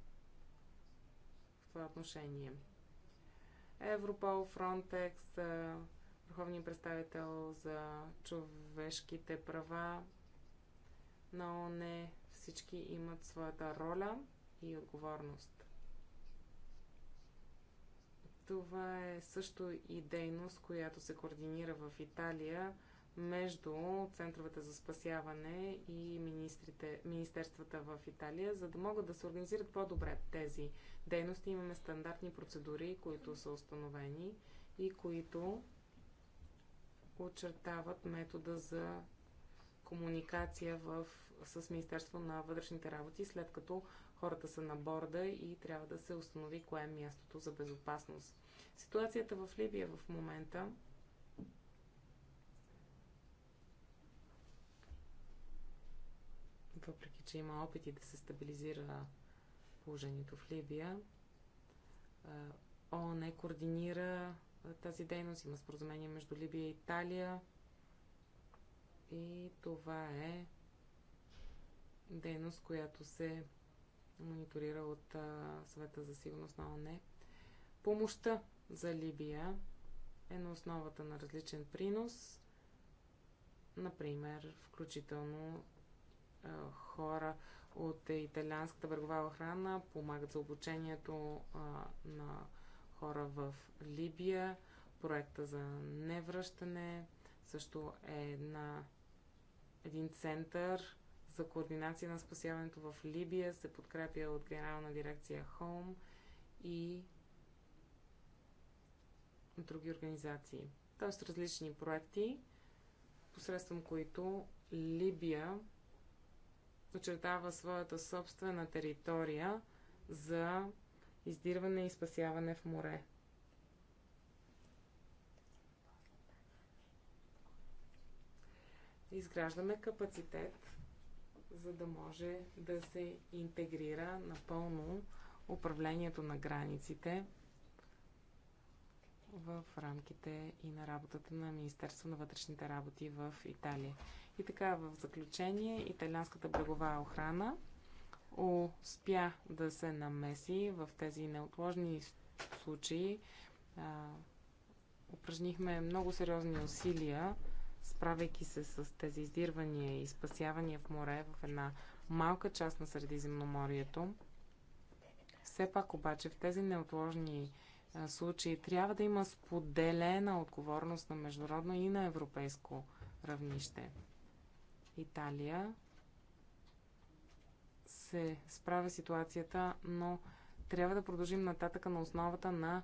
в това отношение. Европол, Фронтекс, върховния представител за човешките права на ОНЕ. Всички имат своята роля и отговорност. Това е също и дейност, която се координира в Италия между центровете за спасяване и министерствата в Италия, за да могат да се организират по-добре тези дейности. Имаме стандартни процедури, които са установени и които очертават метода за комуникация в, с Министерство на вътрешните работи, след като хората са на борда и трябва да се установи кое е мястото за безопасност. Ситуацията в Либия в момента въпреки, че има опити да се стабилизира положението в Либия, ООН е координира тази дейност. Има споразумение между Либия и Италия. И това е дейност, която се мониторира от съвета за сигурност на ОНЕ. Помощта за Либия е на основата на различен принос, например, включително а, хора от италианската бъргова охрана помагат за обучението а, на хора в Либия, проекта за невръщане, също е на един център за координация на спасяването в Либия, се подкрепя от Генерална дирекция ХОМ и други организации. Тоест различни проекти, посредством които Либия очертава своята собствена територия за издирване и спасяване в море. Изграждаме капацитет, за да може да се интегрира напълно управлението на границите в рамките и на работата на Министерство на вътрешните работи в Италия. И така, в заключение, италианската брегова охрана успя да се намеси в тези неотложни случаи. А, упражнихме много сериозни усилия, справяйки се с тези издирвания и спасявания в море в една малка част на Средиземноморието. Все пак обаче в тези неотложни а, случаи трябва да има споделена отговорност на международно и на европейско равнище. Италия се справя ситуацията, но трябва да продължим нататъка на основата на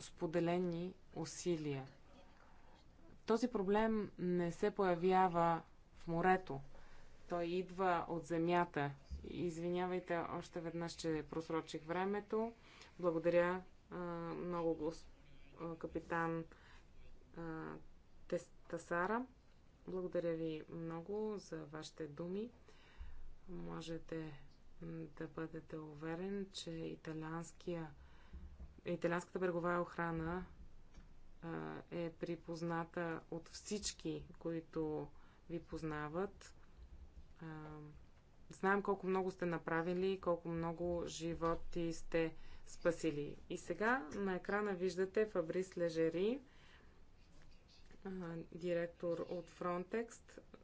споделени усилия. Този проблем не се появява в морето. Той идва от земята. Извинявайте още веднъж, че просрочих времето. Благодаря а, много, гос... капитан а, Тестасара. Благодаря ви много за вашите думи можете да бъдете уверен, че италианския, италианската брегова охрана а, е припозната от всички, които ви познават. А, знаем колко много сте направили, колко много животи сте спасили. И сега на екрана виждате Фабрис Лежери, директор от Frontex,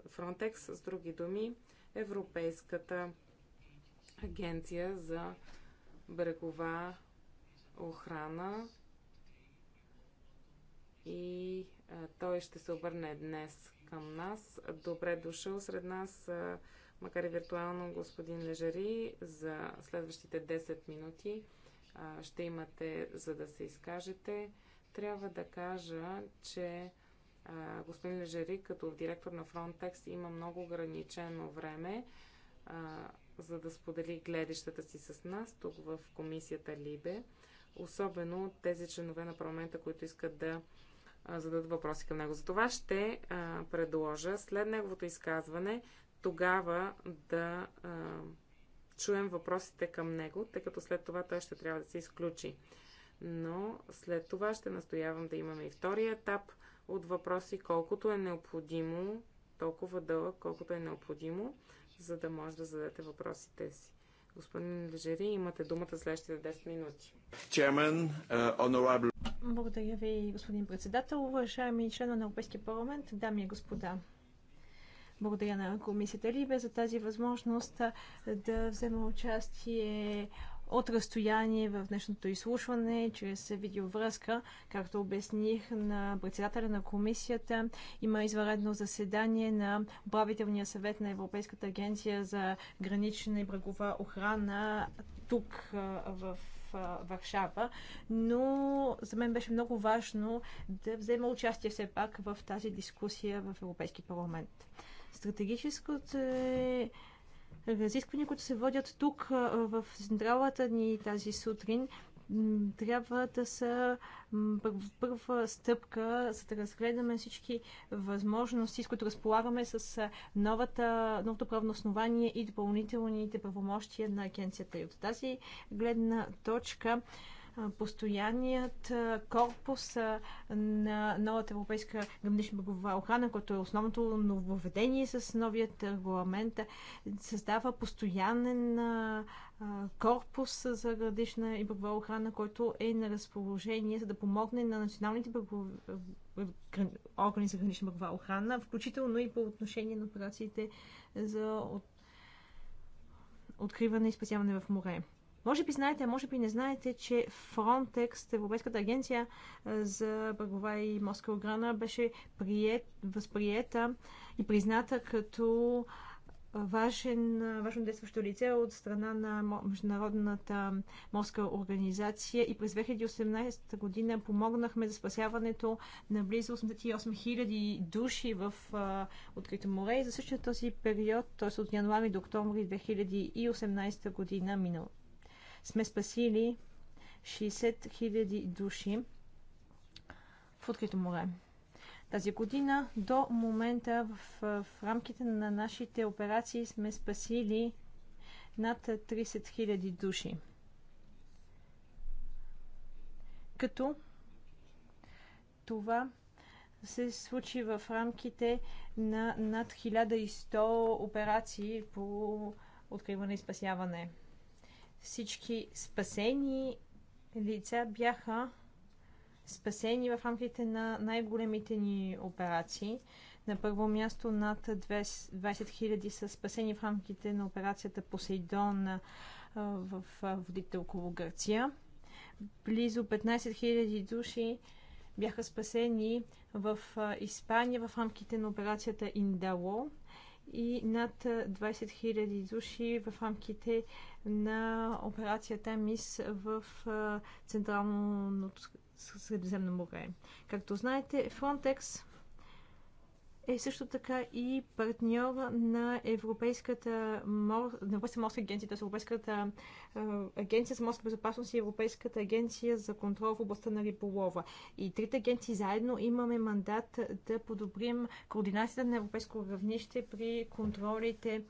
Frontex с други думи Европейската агенция за брегова охрана и а, той ще се обърне днес към нас. Добре дошъл сред нас, а, макар и виртуално, господин Лежари. За следващите 10 минути а, ще имате за да се изкажете. Трябва да кажа, че господин Лежери, като директор на Frontex, има много ограничено време, а, за да сподели гледащата си с нас тук в комисията Либе. Особено тези членове на парламента, които искат да а, зададат въпроси към него. Затова ще а, предложа след неговото изказване тогава да а, чуем въпросите към него, тъй като след това той ще трябва да се изключи. Но след това ще настоявам да имаме и втория етап – от въпроси колкото е необходимо, толкова дълъг, колкото е необходимо, за да може да зададете въпросите си. Господин Лежери, имате думата следващите 10 минути. Chairman, uh, honorable... Благодаря ви, господин председател. Уважаеми члена на Европейския парламент, дами и господа. Благодаря на комисията Либе за тази възможност да взема участие от разстояние в днешното изслушване, чрез видеовръзка, както обясних на председателя на комисията. Има изваредно заседание на управителния съвет на Европейската агенция за гранична и брегова охрана тук в Варшава, но за мен беше много важно да взема участие все пак в тази дискусия в Европейски парламент. Стратегическото е разисквания, които се водят тук в централата ни тази сутрин, трябва да са първа стъпка, за да разгледаме всички възможности, с които разполагаме с новата, новото правно основание и допълнителните правомощия на агенцията. И от тази гледна точка постоянният корпус на новата европейска гранична брегова охрана, който е основното нововведение с новият регламент, създава постоянен корпус за гранична и брегова охрана, който е на разположение, за да помогне на националните органи за гранична брегова охрана, включително и по отношение на операциите за откриване и спасяване в море. Може би знаете, може би не знаете, че Frontex, Европейската агенция за брегова и морска ограна, беше прият, възприета и призната като важен, важно действащо лице от страна на Международната морска организация и през 2018 година помогнахме за спасяването на близо 88 000 души в а, открито море и за същия този период, т.е. от януари до октомври 2018 година минал, сме спасили 60 000 души в открито море. Тази година до момента в, в рамките на нашите операции сме спасили над 30 000 души. Като това се случи в рамките на над 1100 операции по откриване и спасяване. Всички спасени лица бяха спасени в рамките на най-големите ни операции. На първо място над 20 000 са спасени в рамките на операцията Посейдон в водите около Гърция. Близо 15 000 души бяха спасени в Испания в рамките на операцията Индало и над 20 000 души в рамките на операцията МИС в Централното Средиземно море. Както знаете, Frontex е също така и партньор на Европейската, мор... на морска агенция, т.е. Европейската агенция за морска безопасност и Европейската агенция за контрол в областта на риболова. И трите агенции заедно имаме мандат да подобрим координацията на европейско равнище при контролите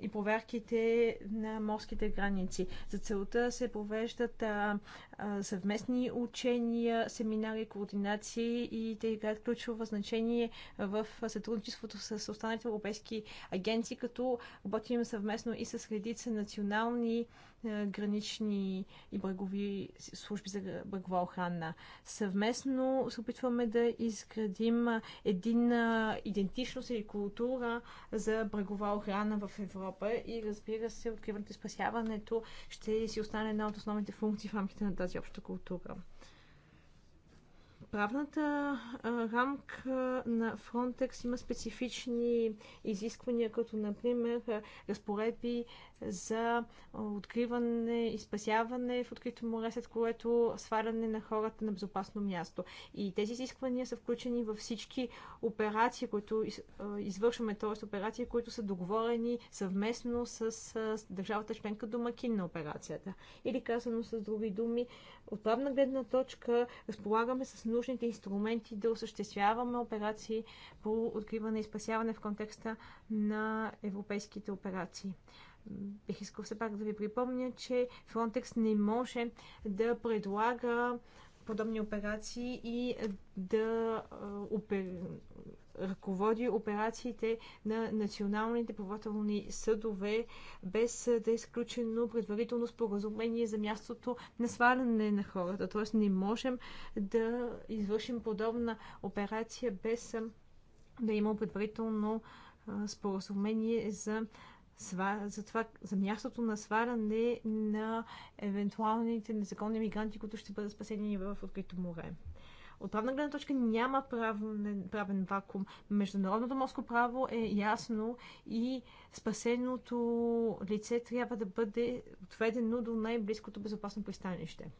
и проверките на морските граници. За целта се провеждат а, а, съвместни учения, семинари, координации и те играят ключово значение в сътрудничеството с останалите европейски агенции, като работим съвместно и с редица национални е, гранични и брегови служби за брегова охрана. Съвместно се опитваме да изградим една идентичност и култура за брегова охрана в Европа и разбира се, откриването и спасяването ще си остане една от основните функции в рамките на тази обща култура правната рамка на Frontex има специфични изисквания, като например разпореби, за откриване и спасяване в открито море, след което сваляне на хората на безопасно място. И тези изисквания са включени във всички операции, които извършваме, т.е. операции, които са договорени съвместно с държавата членка домакин на операцията. Или казано с други думи, от правна гледна точка разполагаме с нужните инструменти да осъществяваме операции по откриване и спасяване в контекста на европейските операции бих искал все пак да ви припомня, че Frontex не може да предлага подобни операции и да опер... ръководи операциите на националните плавателни съдове, без да е изключено предварително споразумение за мястото на сваляне на хората. Тоест не можем да извършим подобна операция без да има предварително споразумение за за, това, за мястото на сваляне на евентуалните незаконни мигранти, които ще бъдат спасени в открито море. От правна гледна точка няма правен, правен вакуум. Международното морско право е ясно и спасеното лице трябва да бъде отведено до най-близкото безопасно пристанище.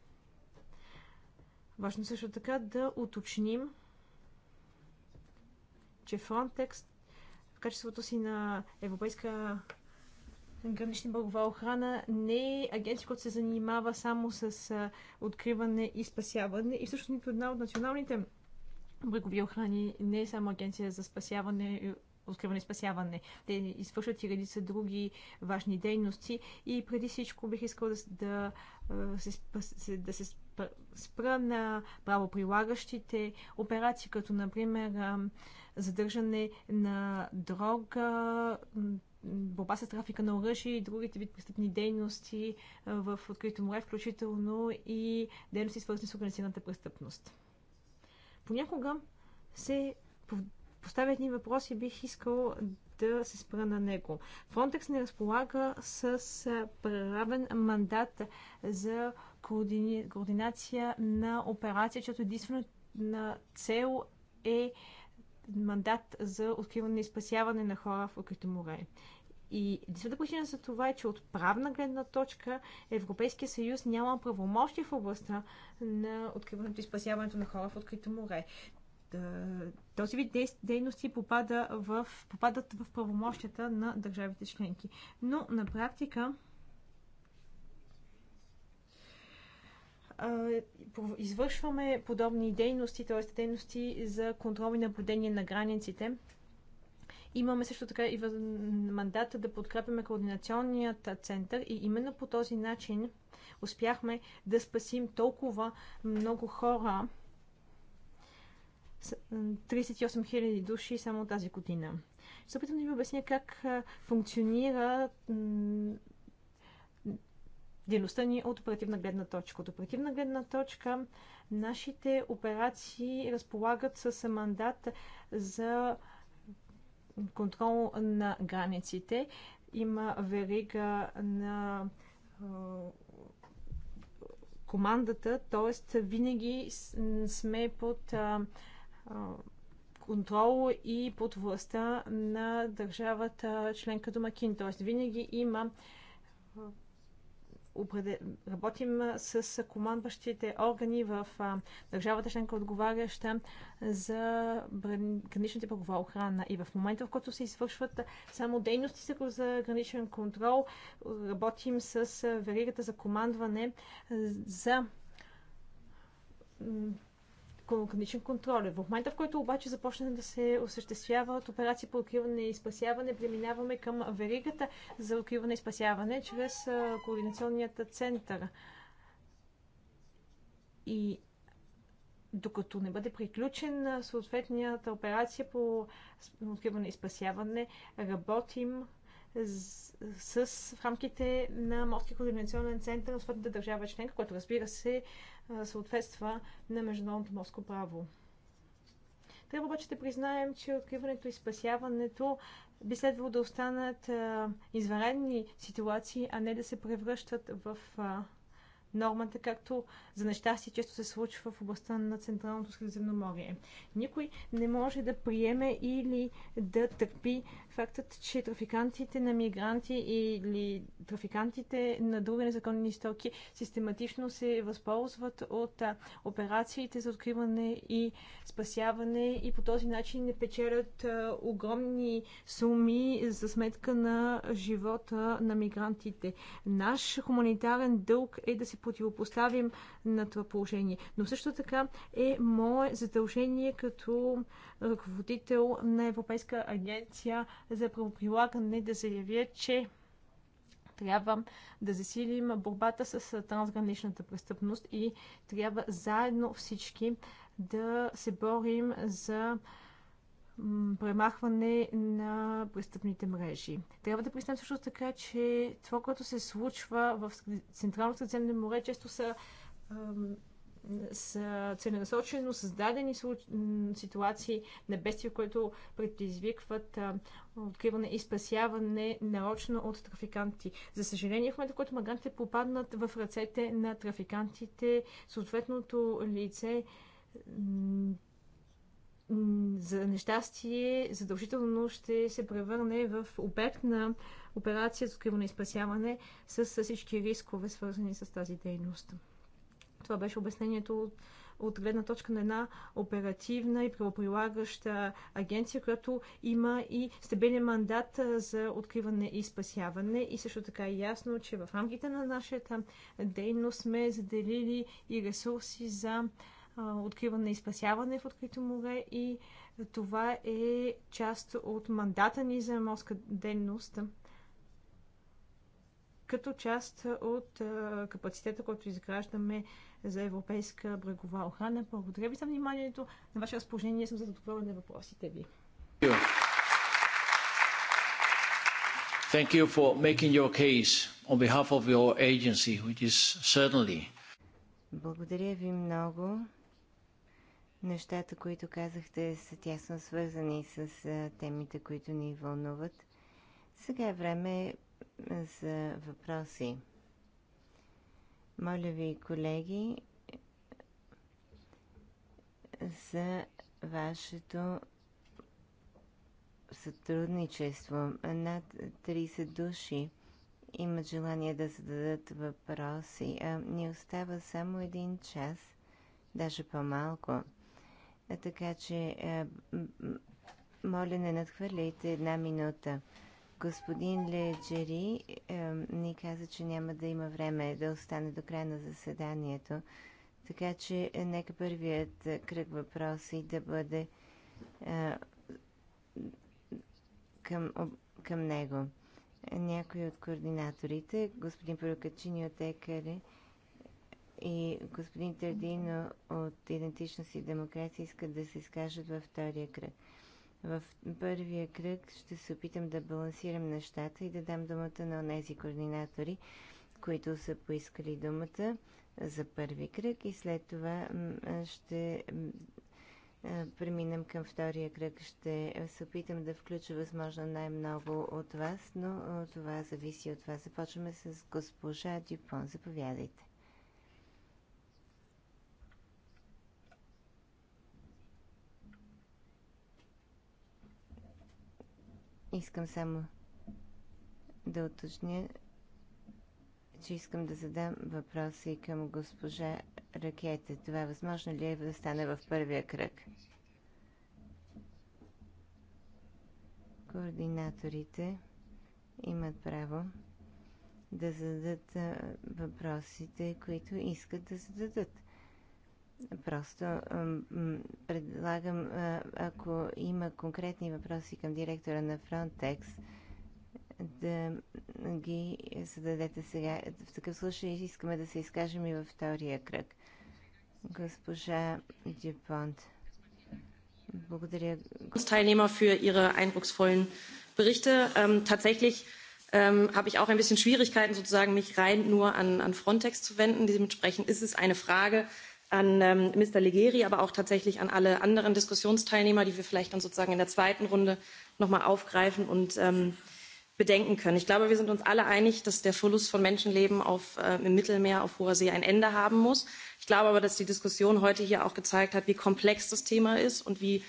Важно също така да уточним, че Frontex в качеството си на европейска гранична бъргова охрана не е агенция, която се занимава само с откриване и спасяване. И всъщност нито една от националните брегови охрани не е само агенция за спасяване е, откриване и спасяване. Те извършват и редица други важни дейности. И преди всичко бих искал да, да, се, да се спра на правоприлагащите операции, като например задържане на дрога, борба с трафика на оръжие и другите вид престъпни дейности в открито море, включително и дейности свързани с организираната престъпност. Понякога се поставя едни въпроси и бих искал да се спра на него. Фронтекс не разполага с правен мандат за координация на операция, чето единствената цел е мандат за откриване и спасяване на хора в открито море. И единствената причина за това е, че от правна гледна точка Европейския съюз няма правомощи в областта на откриването и спасяването на хора в открито море. Този вид дейности попада в, попадат в правомощията на държавите членки. Но на практика извършваме подобни дейности, т.е. дейности за контрол и наблюдение на границите. Имаме също така и мандата да подкрепяме координационният център и именно по този начин успяхме да спасим толкова много хора, 38 000 души само тази година. Ще опитам да ви обясня как функционира дейността ни от оперативна гледна точка. От оперативна гледна точка нашите операции разполагат с мандат за контрол на границите. Има верига на командата, т.е. винаги сме под контрол и под властта на държавата членка домакин. Т.е. винаги има работим с командващите органи в държавата членка, отговаряща за граничните правова охрана. И в момента, в който се извършват само дейности за граничен контрол, работим с веригата за командване за граничен контрол. Е. В момента, в който обаче започне да се осъществяват операции по укриване и спасяване, преминаваме към веригата за укриване и спасяване чрез координационният център. И докато не бъде приключен съответната операция по откриване и спасяване, работим с, с в рамките на Морски координационен център на съответната държава членка, което разбира се съответства на международното морско право. Трябва обаче да признаем, че откриването и спасяването би следвало да останат извънредни ситуации, а не да се превръщат в нормата, както за нещастие често се случва в областта на Централното Средиземноморие. Никой не може да приеме или да търпи фактът, че трафикантите на мигранти или трафикантите на други незаконни стоки систематично се възползват от операциите за откриване и спасяване и по този начин не печелят огромни суми за сметка на живота на мигрантите. Наш хуманитарен дълг е да се противопоставим на това положение. Но също така е мое задължение като ръководител на Европейска агенция за правоприлагане да заявя, че трябва да засилим борбата с трансграничната престъпност и трябва заедно всички да се борим за премахване на престъпните мрежи. Трябва да признам също така, че това, което се случва в централното Средиземно море, често са са целенасочено създадени ситуации на бедствия, които предизвикват откриване и спасяване нарочно от трафиканти. За съжаление, в момента, който магантите попаднат в ръцете на трафикантите, съответното лице за нещастие задължително ще се превърне в обект на операция за откриване и спасяване с всички рискове, свързани с тази дейност. Това беше обяснението от, от гледна точка на една оперативна и правоприлагаща агенция, която има и стабилен мандат за откриване и спасяване. И също така е ясно, че в рамките на нашата дейност сме заделили и ресурси за откриване и спасяване в открито море и това е част от мандата ни за морска дейност като част от а, капацитета, който изграждаме за европейска брегова охрана. Благодаря ви за вниманието. На ваше разположение съм за да на въпросите ви. Thank you for making your case on behalf of your agency, which is certainly. Благодаря ви много. Нещата, които казахте, са тясно свързани с темите, които ни вълнуват. Сега е време за въпроси. Моля ви, колеги, за вашето сътрудничество. Над 30 души имат желание да зададат въпроси. А, ни остава само един час, даже по-малко. така че, а, моля, не надхвърляйте една минута. Господин Леджери е, ни каза, че няма да има време да остане до края на заседанието. Така че е, нека първият е, кръг въпроси да бъде е, към, към него. Някой от координаторите, господин Прокачини от ЕКР и господин Тардино от Идентичност и демокрация искат да се изкажат във втория кръг. В първия кръг ще се опитам да балансирам нещата и да дам думата на тези координатори, които са поискали думата за първи кръг и след това ще преминем към втория кръг. Ще се опитам да включа възможно най-много от вас, но това зависи от вас. Започваме с госпожа Дюпон. Заповядайте. Искам само да уточня, че искам да задам въпроси към госпожа Ракета. Това е възможно ли е да стане в първия кръг? Координаторите имат право да зададат въпросите, които искат да зададат. Просто предлагам, ако има конкретни въпроси към директора на Frontex, да ги зададете сега. В такъв случай искаме да се изкажем и във втория кръг. Госпожа Дюпонт. Благодаря. Teilnehmer für Ihre eindrucksvollen Berichte. Ähm, tatsächlich ähm, habe ich auch ein bisschen Schwierigkeiten, sozusagen mich rein nur an, an Frontex zu wenden. Dementsprechend ist es eine Frage, an Mr. Legeri, aber auch tatsächlich an alle anderen Diskussionsteilnehmer, die wir vielleicht dann sozusagen in der zweiten Runde nochmal aufgreifen und bedenken können. Ich glaube, wir sind uns alle einig, dass der Verlust von Menschenleben im Mittelmeer auf hoher See ein Ende haben muss. Ich glaube aber, dass die Diskussion heute hier auch gezeigt hat, wie komplex das Thema ist und wie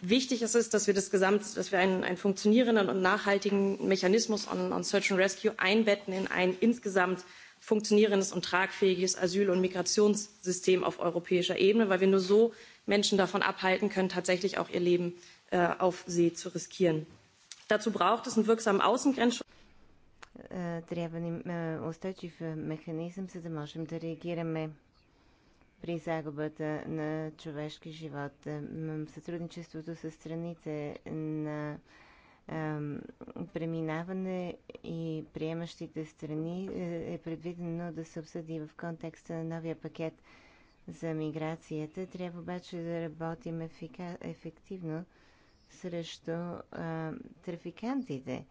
wichtig es ist, dass wir das Gesamt, dass wir einen, einen funktionierenden und nachhaltigen Mechanismus on, on Search and Rescue einbetten in ein insgesamt funktionierendes und tragfähiges Asyl- und Migrationssystem auf europäischer Ebene, weil wir nur so Menschen davon abhalten können, tatsächlich auch ihr Leben auf See zu riskieren. Dazu braucht es einen wirksamen Außengrenzschutz. Трябва ни устойчив механизъм, за да можем да реагираме при загубата на човешки живот. Сътрудничеството с страните на преминаване и приемащите страни е, е предвидено да се обсъди в контекста на новия пакет за миграцията. Трябва обаче да работим ефика... ефективно срещу а, трафикантите,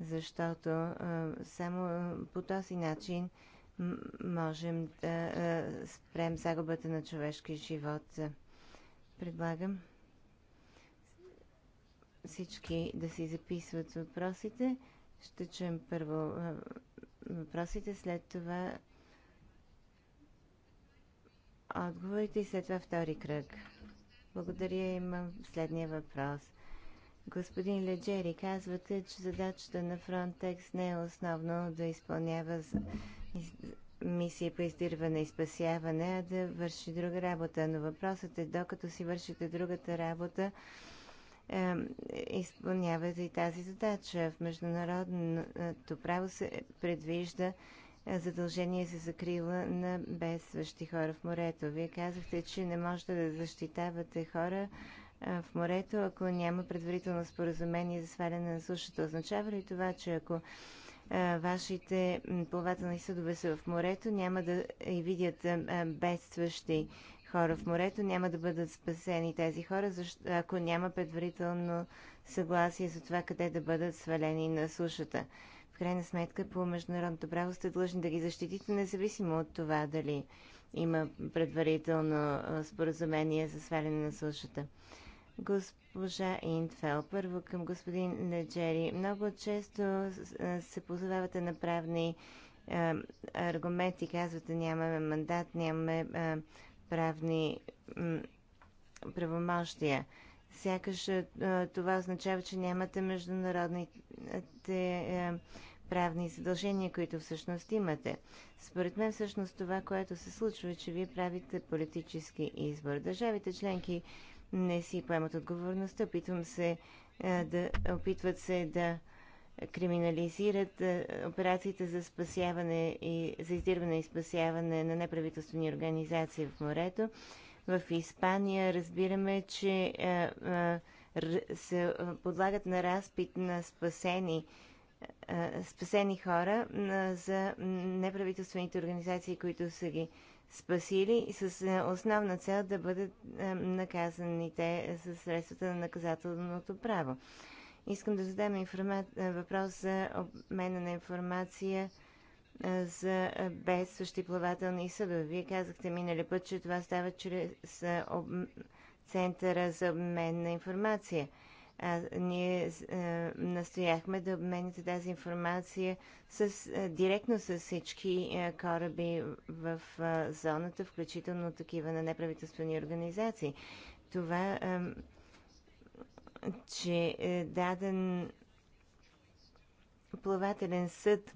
защото а, само по този начин можем да а, спрем загубата на човешки живот. Предлагам всички да си записват въпросите. Ще чуем първо въпросите, след това отговорите и след това втори кръг. Благодаря, имам следния въпрос. Господин Леджери, казвате, че задачата на Frontex не е основно да изпълнява мисии по издирване и спасяване, а да върши друга работа. Но въпросът е, докато си вършите другата работа, е, изпълняват и тази задача. В международното право се предвижда е, задължение за закрила на безсвещи хора в морето. Вие казахте, че не можете да защитавате хора е, в морето, ако няма предварително споразумение за сваляне на сушата. Означава ли това, че ако е, вашите плавателни съдове са в морето, няма да и видят бедстващи хора в морето. Няма да бъдат спасени тези хора, защо, ако няма предварително съгласие за това къде да бъдат свалени на сушата. В крайна сметка по международното право сте длъжни да ги защитите, независимо от това дали има предварително споразумение за сваляне на сушата. Госпожа Интфел, първо към господин Неджери. Много често се позовавате на правни аргументи, казвате нямаме мандат, нямаме правни правомощия. Сякаш е, е, това означава, че нямате международните е, правни задължения, които всъщност имате. Според мен всъщност това, което се случва, е, че вие правите политически избор. Държавите членки не си поемат отговорността, опитвам се да, опитват се да криминализират операциите за спасяване и за издирване и спасяване на неправителствени организации в морето. В Испания разбираме, че се подлагат на разпит на спасени спасени хора за неправителствените организации, които са ги спасили с основна цел да бъдат наказаните със средствата на наказателното право. Искам да задам информа... Е, въпрос за обмена на информация е, за е, бедстващи плавателни съдове. Вие казахте минали път, че това става чрез об... Центъра за обмен на информация. А, ние а, настояхме да обмените тази информация с, а, директно с всички а, кораби в а, зоната, включително такива на неправителствени организации. Това а, че е, даден плавателен съд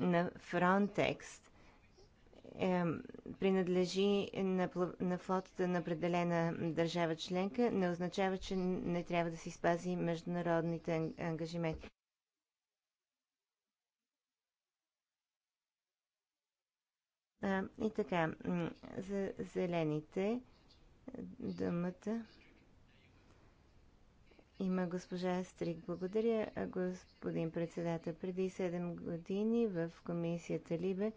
на Фронтекст принадлежи на, на флотата на определена държава членка, не означава, че не трябва да се спази международните ангажименти. А, и така, за зелените думата. Има госпожа Стрик. Благодаря, господин председател. Преди 7 години в комисията Либе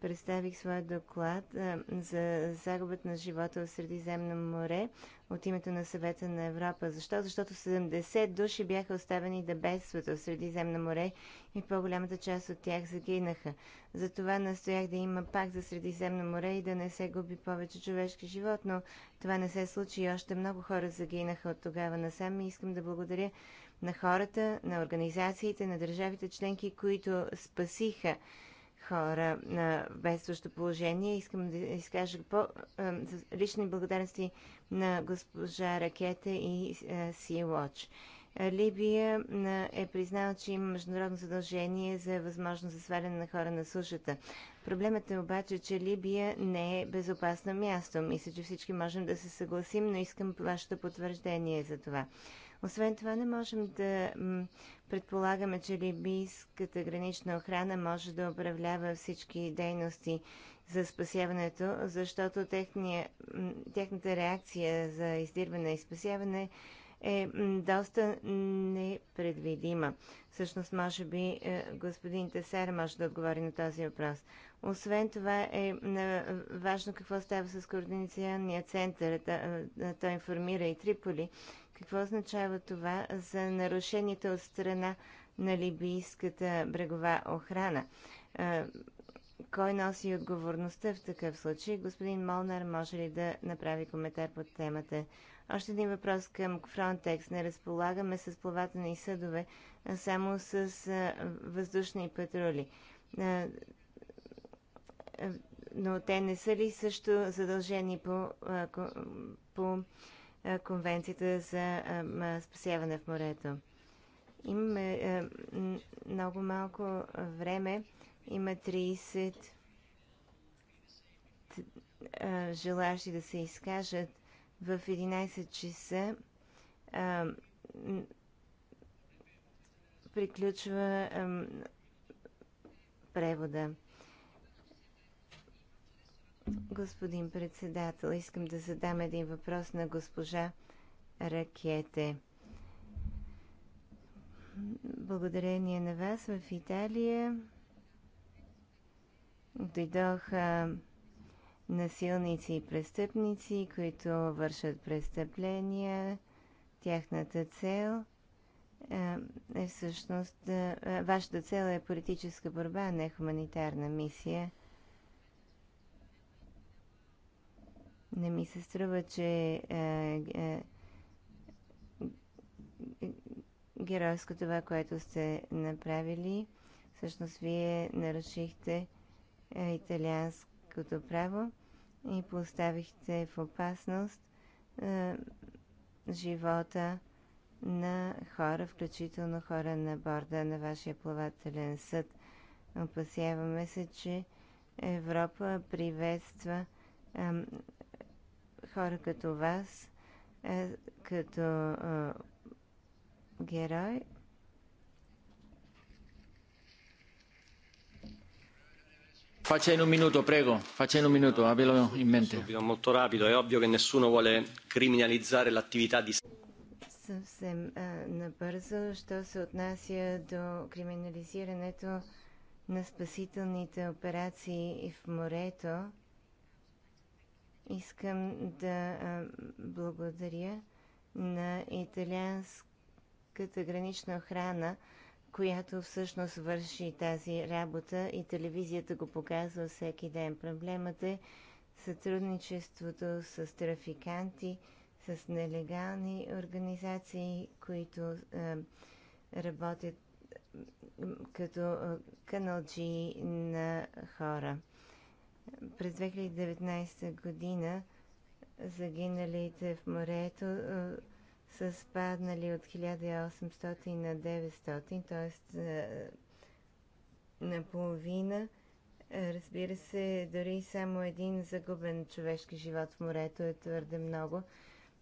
представих своя доклад за загубът на живота в Средиземно море от името на съвета на Европа. Защо? Защото 70 души бяха оставени да бедстват в Средиземно море и по-голямата част от тях загинаха. Затова настоях да има пак за Средиземно море и да не се губи повече човешки живот, но това не се случи и още много хора загинаха от тогава насам и искам да благодаря на хората, на организациите, на държавите членки, които спасиха хора на бедстващо положение. Искам да изкажа по, е, лични благодарности на госпожа Ракета и Си-Лоч. Е, Либия е, е признала, че има международно задължение за възможност за сваляне на хора на сушата. Проблемът е обаче, че Либия не е безопасно място. Мисля, че всички можем да се съгласим, но искам вашето потвърждение за това. Освен това, не можем да предполагаме, че либийската гранична охрана може да управлява всички дейности за спасяването, защото техния, техната реакция за издирване и спасяване е доста непредвидима. Всъщност, може би, е, господин Тесер може да отговори на този въпрос. Освен това е, е важно какво става с координационния център. Е, той информира и Триполи, какво означава това за нарушенията от страна на либийската брегова охрана? Кой носи отговорността в такъв случай? Господин Молнар, може ли да направи коментар под темата? Още един въпрос към Frontex. Не разполагаме с плавателни съдове, а само с въздушни патрули. но те не са ли също задължени по, по Конвенцията за спасяване в морето. Имаме много малко време. Има 30 желащи да се изкажат в 11 часа. Приключва превода. Господин председател, искам да задам един въпрос на госпожа Ракете. Благодарение на вас в Италия дойдоха насилници и престъпници, които вършат престъпления. Тяхната цел е всъщност... Вашата цел е политическа борба, а не хуманитарна мисия. Не ми се струва, че е, е, геройско това, което сте направили. Всъщност вие нарушихте е, италианското право и поставихте в опасност е, живота на хора, включително хора на борда на вашия плавателен съд. Опасяваме се, че Европа приветства хора като вас, като герой. Faccia in un minuto, prego, faccia in un minuto, abbielo in mente. Subito, molto rapido, è ovvio che nessuno vuole criminalizzare l'attività di... Съвсем а, набързо, що се отнася до криминализирането на спасителните операции в морето, Искам да благодаря на италианската гранична охрана, която всъщност върши тази работа и телевизията го показва всеки ден. Проблемът е сътрудничеството с трафиканти, с нелегални организации, които е, работят като каналджи на хора през 2019 година загиналите в морето е, са спаднали от 1800 на 900, т.е. наполовина. Разбира се, дори само един загубен човешки живот в морето е твърде много.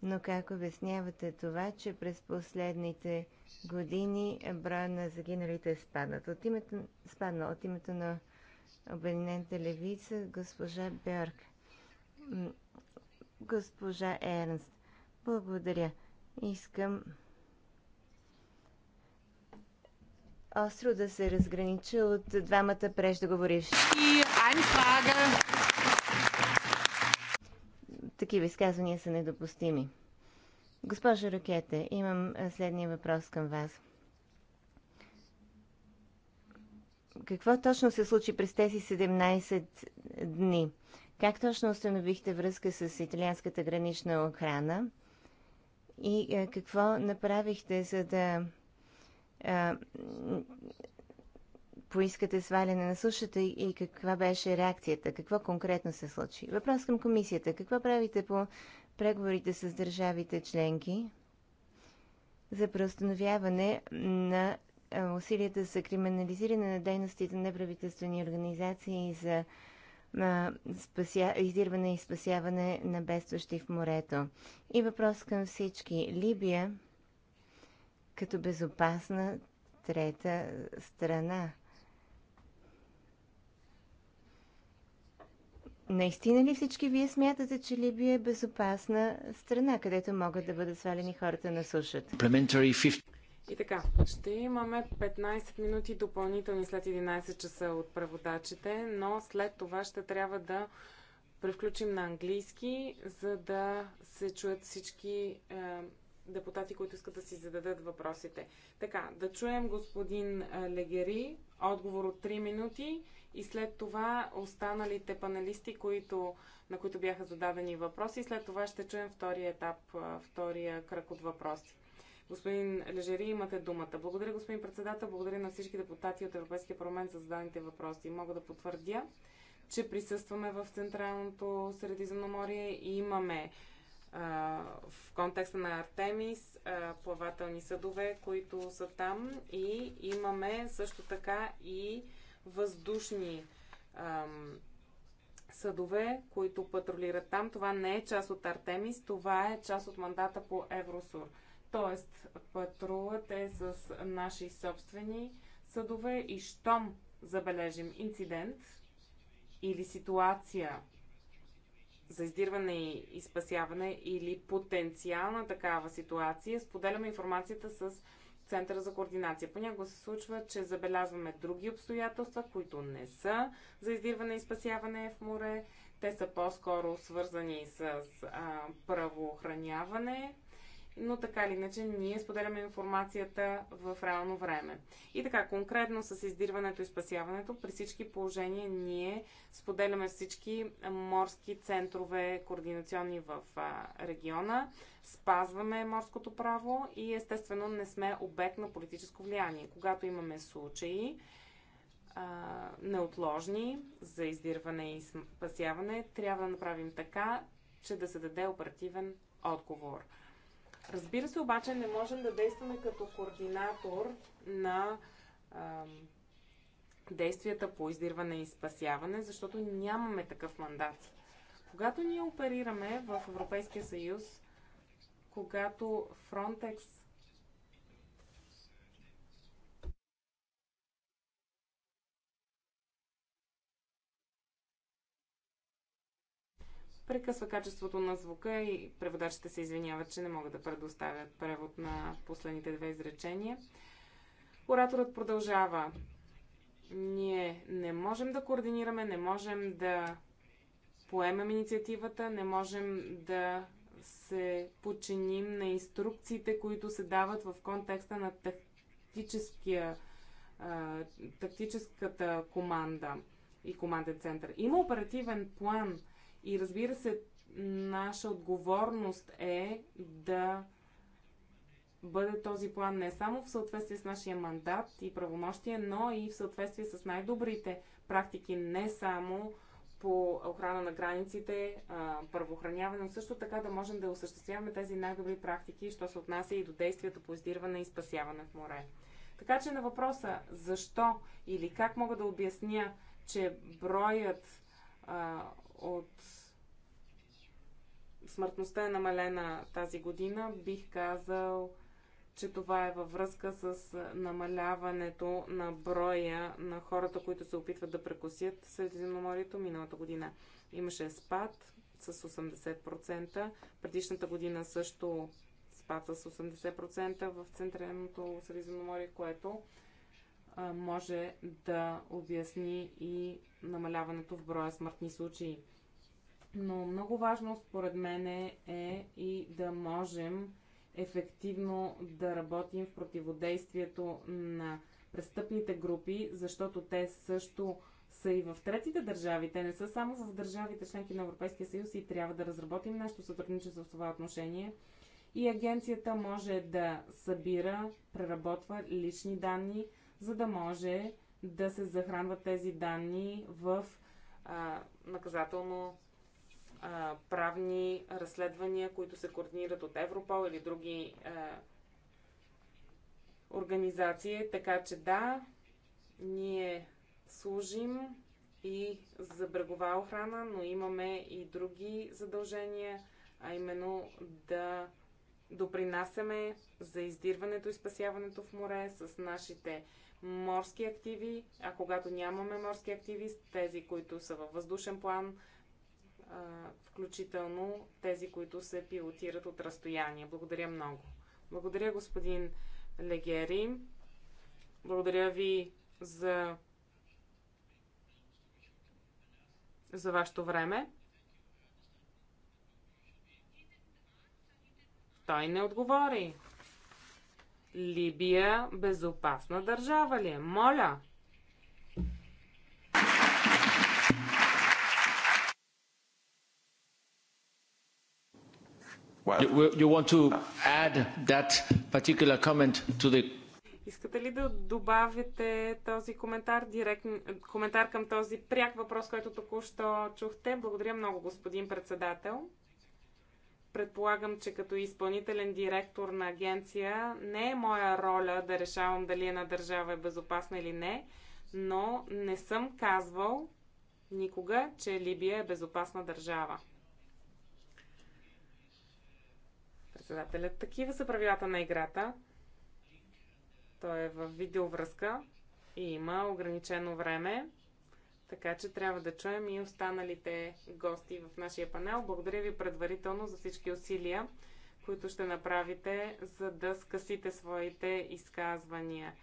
Но как обяснявате това, че през последните години броя на загиналите е спаднат? От името, спаднал от името на Обединената левица, госпожа Бьорк, госпожа Ернст. Благодаря. Искам остро да се разгранича от двамата преждоговоривши. Такива изказвания са недопустими. Госпожо Рокете, имам следния въпрос към вас. Какво точно се случи през тези 17 дни? Как точно установихте връзка с италианската гранична охрана? И е, какво направихте, за да а, поискате сваляне на сушата и каква беше реакцията? Какво конкретно се случи? Въпрос към комисията. Какво правите по преговорите с държавите членки за преустановяване на е, усилията за криминализиране на дейностите на неправителствени организации за издирване и спасяване на бедстващи в морето. И въпрос към всички. Либия като безопасна трета страна. Наистина ли всички вие смятате, че Либия е безопасна страна, където могат да бъдат свалени хората на сушата? И така, ще имаме 15 минути допълнителни след 11 часа от преводачите, но след това ще трябва да превключим на английски, за да се чуят всички е, депутати, които искат да си зададат въпросите. Така, да чуем господин е, Легери, отговор от 3 минути и след това останалите панелисти, които, на които бяха зададени въпроси. След това ще чуем втория етап, е, втория кръг от въпроси. Господин Лежери, имате думата. Благодаря, господин председател. Благодаря на всички депутати от Европейския парламент за зададените въпроси. Мога да потвърдя, че присъстваме в Централното Средиземноморие и имаме а, в контекста на Артемис а, плавателни съдове, които са там и имаме също така и въздушни а, съдове, които патрулират там. Това не е част от Артемис, това е част от мандата по Евросур. Тоест, патрулът е с наши собствени съдове и щом забележим инцидент или ситуация за издирване и спасяване или потенциална такава ситуация, споделяме информацията с Центъра за координация. Понякога се случва, че забелязваме други обстоятелства, които не са за издирване и спасяване в море. Те са по-скоро свързани с а, правоохраняване, но така или иначе ние споделяме информацията в реално време. И така, конкретно с издирването и спасяването, при всички положения ние споделяме всички морски центрове, координационни в региона, спазваме морското право и естествено не сме обект на политическо влияние. Когато имаме случаи, неотложни за издирване и спасяване, трябва да направим така, че да се даде оперативен отговор. Разбира се, обаче не можем да действаме като координатор на а, действията по издирване и спасяване, защото нямаме такъв мандат. Когато ние оперираме в Европейския съюз, когато Frontex прекъсва качеството на звука и преводачите се извиняват, че не могат да предоставят превод на последните две изречения. Ораторът продължава. Ние не можем да координираме, не можем да поемем инициативата, не можем да се подчиним на инструкциите, които се дават в контекста на тактическия, тактическата команда и команден център. Има оперативен план – и разбира се, наша отговорност е да бъде този план не само в съответствие с нашия мандат и правомощие, но и в съответствие с най-добрите практики, не само по охрана на границите, правоохраняване, но също така да можем да осъществяваме тези най-добри практики, що се отнася и до действията по издирване и спасяване в море. Така че на въпроса защо или как мога да обясня, че броят от смъртността е намалена тази година, бих казал, че това е във връзка с намаляването на броя на хората, които се опитват да прекусят Средиземноморието. Миналата година имаше спад с 80%, предишната година също спад с 80% в Централното Средиземноморие, което може да обясни и намаляването в броя смъртни случаи. Но много важно според мен е и да можем ефективно да работим в противодействието на престъпните групи, защото те също са и в третите държави. Те не са само в държавите членки на Европейския съюз и трябва да разработим нашето сътрудничество в това отношение. И агенцията може да събира, преработва лични данни, за да може да се захранват тези данни в а, наказателно а, правни разследвания, които се координират от Европол или други а, организации. Така че да, ние служим и за брегова охрана, но имаме и други задължения, а именно да допринасяме за издирването и спасяването в море с нашите морски активи, а когато нямаме морски активи, тези, които са във въздушен план, включително тези, които се пилотират от разстояние. Благодаря много. Благодаря, господин Легери. Благодаря ви за, за вашето време. Той не отговори. Либия безопасна държава ли е? Моля! The... Искате ли да добавите този коментар, директ, коментар към този пряк въпрос, който току-що чухте? Благодаря много, господин председател. Предполагам, че като изпълнителен директор на агенция не е моя роля да решавам дали една държава е безопасна или не, но не съм казвал никога, че Либия е безопасна държава. Председателят, такива са правилата на играта. Той е в видеовръзка и има ограничено време. Така че трябва да чуем и останалите гости в нашия панел. Благодаря ви предварително за всички усилия, които ще направите, за да скъсите своите изказвания.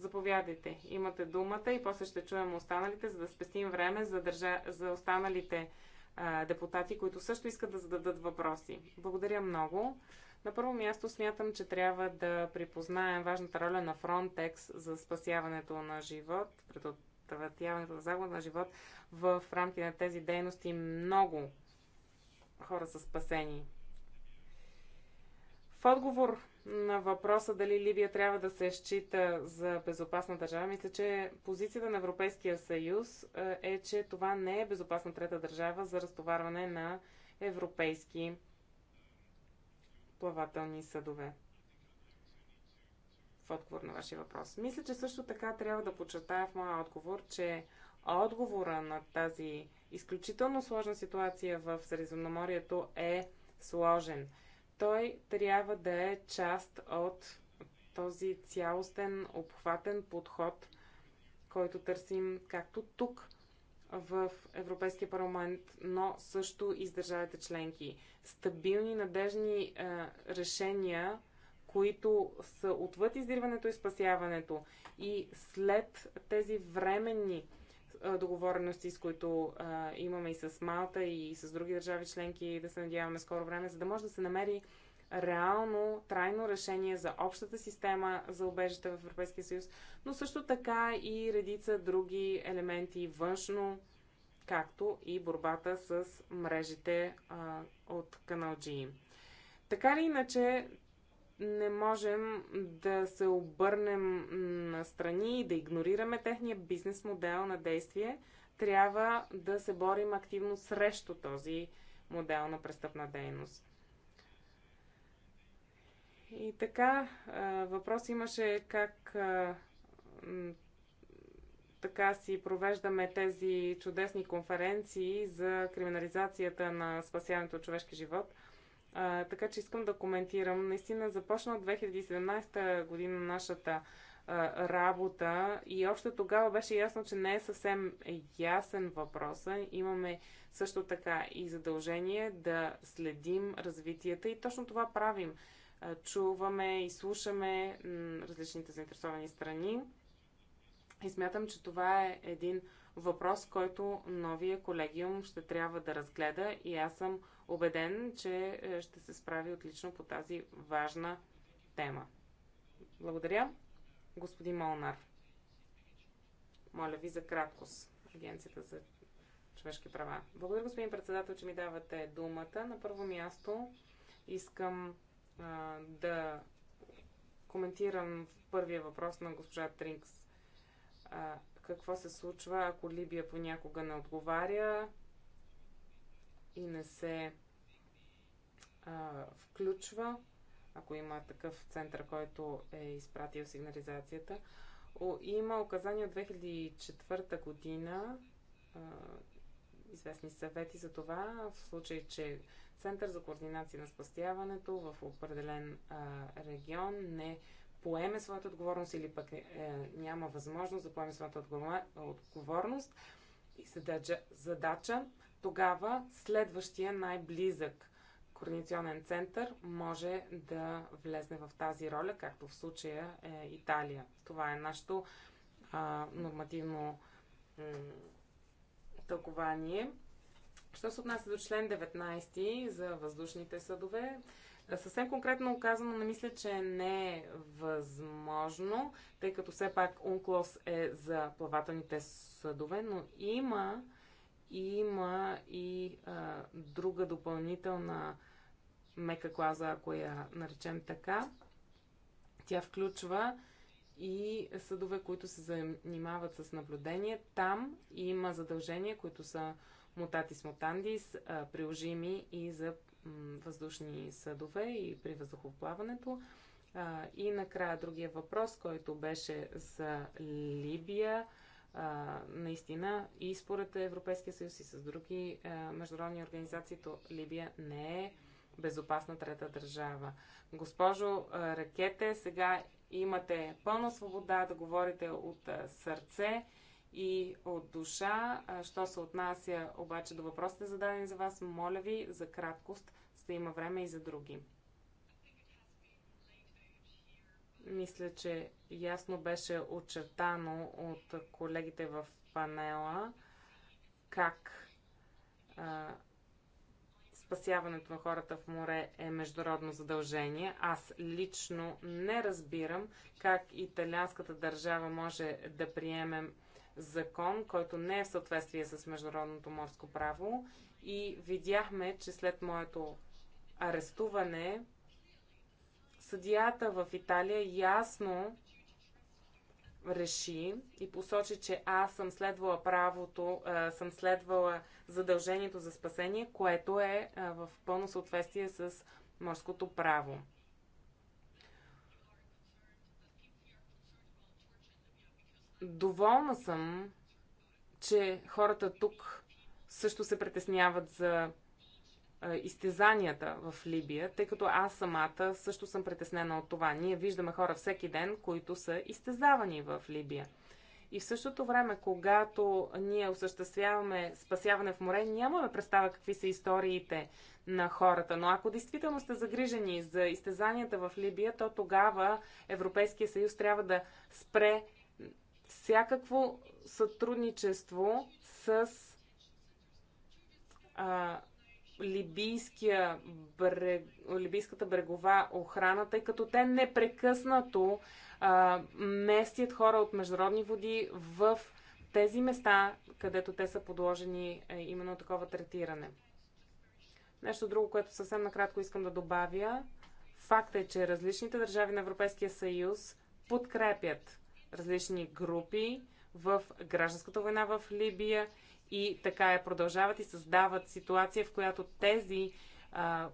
Заповядайте, имате думата и после ще чуем останалите, за да спестим време за, държа... за останалите а, депутати, които също искат да зададат въпроси. Благодаря много. На първо място смятам, че трябва да припознаем важната роля на Frontex за спасяването на живот, предотвратяването предотвратяването на загуба на живот в рамките на тези дейности много хора са спасени. В отговор на въпроса дали Либия трябва да се счита за безопасна държава, мисля, че позицията на Европейския съюз е, че това не е безопасна трета държава за разтоварване на европейски плавателни съдове в отговор на вашия въпрос. Мисля, че също така трябва да подчертая в моя отговор, че отговора на тази изключително сложна ситуация в Средиземноморието е сложен. Той трябва да е част от този цялостен, обхватен подход, който търсим както тук, в Европейския парламент, но също и с държавите членки. Стабилни, надежни е, решения които са отвъд издирването и спасяването и след тези временни договорености, с които а, имаме и с Малта, и с други държави членки, да се надяваме скоро време, за да може да се намери реално, трайно решение за общата система за обежите в Европейския съюз, но също така и редица други елементи външно, както и борбата с мрежите а, от каналджии. Така или иначе, не можем да се обърнем на страни и да игнорираме техния бизнес модел на действие. Трябва да се борим активно срещу този модел на престъпна дейност. И така, въпрос имаше как така си провеждаме тези чудесни конференции за криминализацията на спасяването от човешки живот – а, така че искам да коментирам. Наистина започна от 2017 година нашата а, работа и още тогава беше ясно, че не е съвсем ясен въпроса. Имаме също така и задължение да следим развитията и точно това правим. А, чуваме и слушаме различните заинтересовани страни и смятам, че това е един въпрос, който новия колегиум ще трябва да разгледа и аз съм убеден, че е, ще се справи отлично по тази важна тема. Благодаря. Господин Молнар. Моля ви за краткост. Агенцията за човешки права. Благодаря, господин председател, че ми давате думата. На първо място искам а, да коментирам първия въпрос на госпожа Тринкс. А, какво се случва, ако Либия понякога не отговаря и не се а, включва, ако има такъв център, който е изпратил сигнализацията. О, има указания от 2004 година, а, известни съвети за това, в случай, че Център за координация на спастяването в определен а, регион не поеме своята отговорност или пък е, е, няма възможност да поеме своята отговорност и задача, задача тогава следващия най-близък координационен център може да влезне в тази роля, както в случая е Италия. Това е нашето а, нормативно тълкование. Що се отнася до член 19 за въздушните съдове, съвсем конкретно казано, не мисля, че не е възможно, тъй като все пак Унклос е за плавателните съдове, но има и има и а, друга допълнителна мека клаза, ако я наречем така. Тя включва и съдове, които се занимават с наблюдение. Там има задължения, които са мутатис мутандис, приложими и за въздушни съдове и при въздухоплаването. И накрая другия въпрос, който беше за Либия а, наистина и според Европейския съюз и с други а, международни организации, то Либия не е безопасна трета държава. Госпожо а, Ракете, сега имате пълна свобода да говорите от а, сърце и от душа. А, що се отнася обаче до въпросите зададени за вас, моля ви за краткост, за да има време и за други. Мисля, че ясно беше очертано от колегите в панела как а, спасяването на хората в море е международно задължение. Аз лично не разбирам как италианската държава може да приемем закон, който не е в съответствие с международното морско право. И видяхме, че след моето арестуване съдията в Италия ясно реши и посочи, че аз съм следвала правото, съм следвала задължението за спасение, което е в пълно съответствие с морското право. Доволна съм, че хората тук също се притесняват за изтезанията в Либия, тъй като аз самата също съм притеснена от това. Ние виждаме хора всеки ден, които са изтезавани в Либия. И в същото време, когато ние осъществяваме спасяване в море, нямаме представа какви са историите на хората. Но ако действително сте загрижени за изтезанията в Либия, то тогава Европейския съюз трябва да спре всякакво сътрудничество с а, либийския брег, либийската брегова охрана, тъй като те непрекъснато а, местят хора от международни води в тези места, където те са подложени а, е, именно такова третиране. Нещо друго, което съвсем накратко искам да добавя. Факт е, че различните държави на Европейския съюз подкрепят различни групи в гражданската война в Либия и така я продължават и създават ситуация, в която тези а,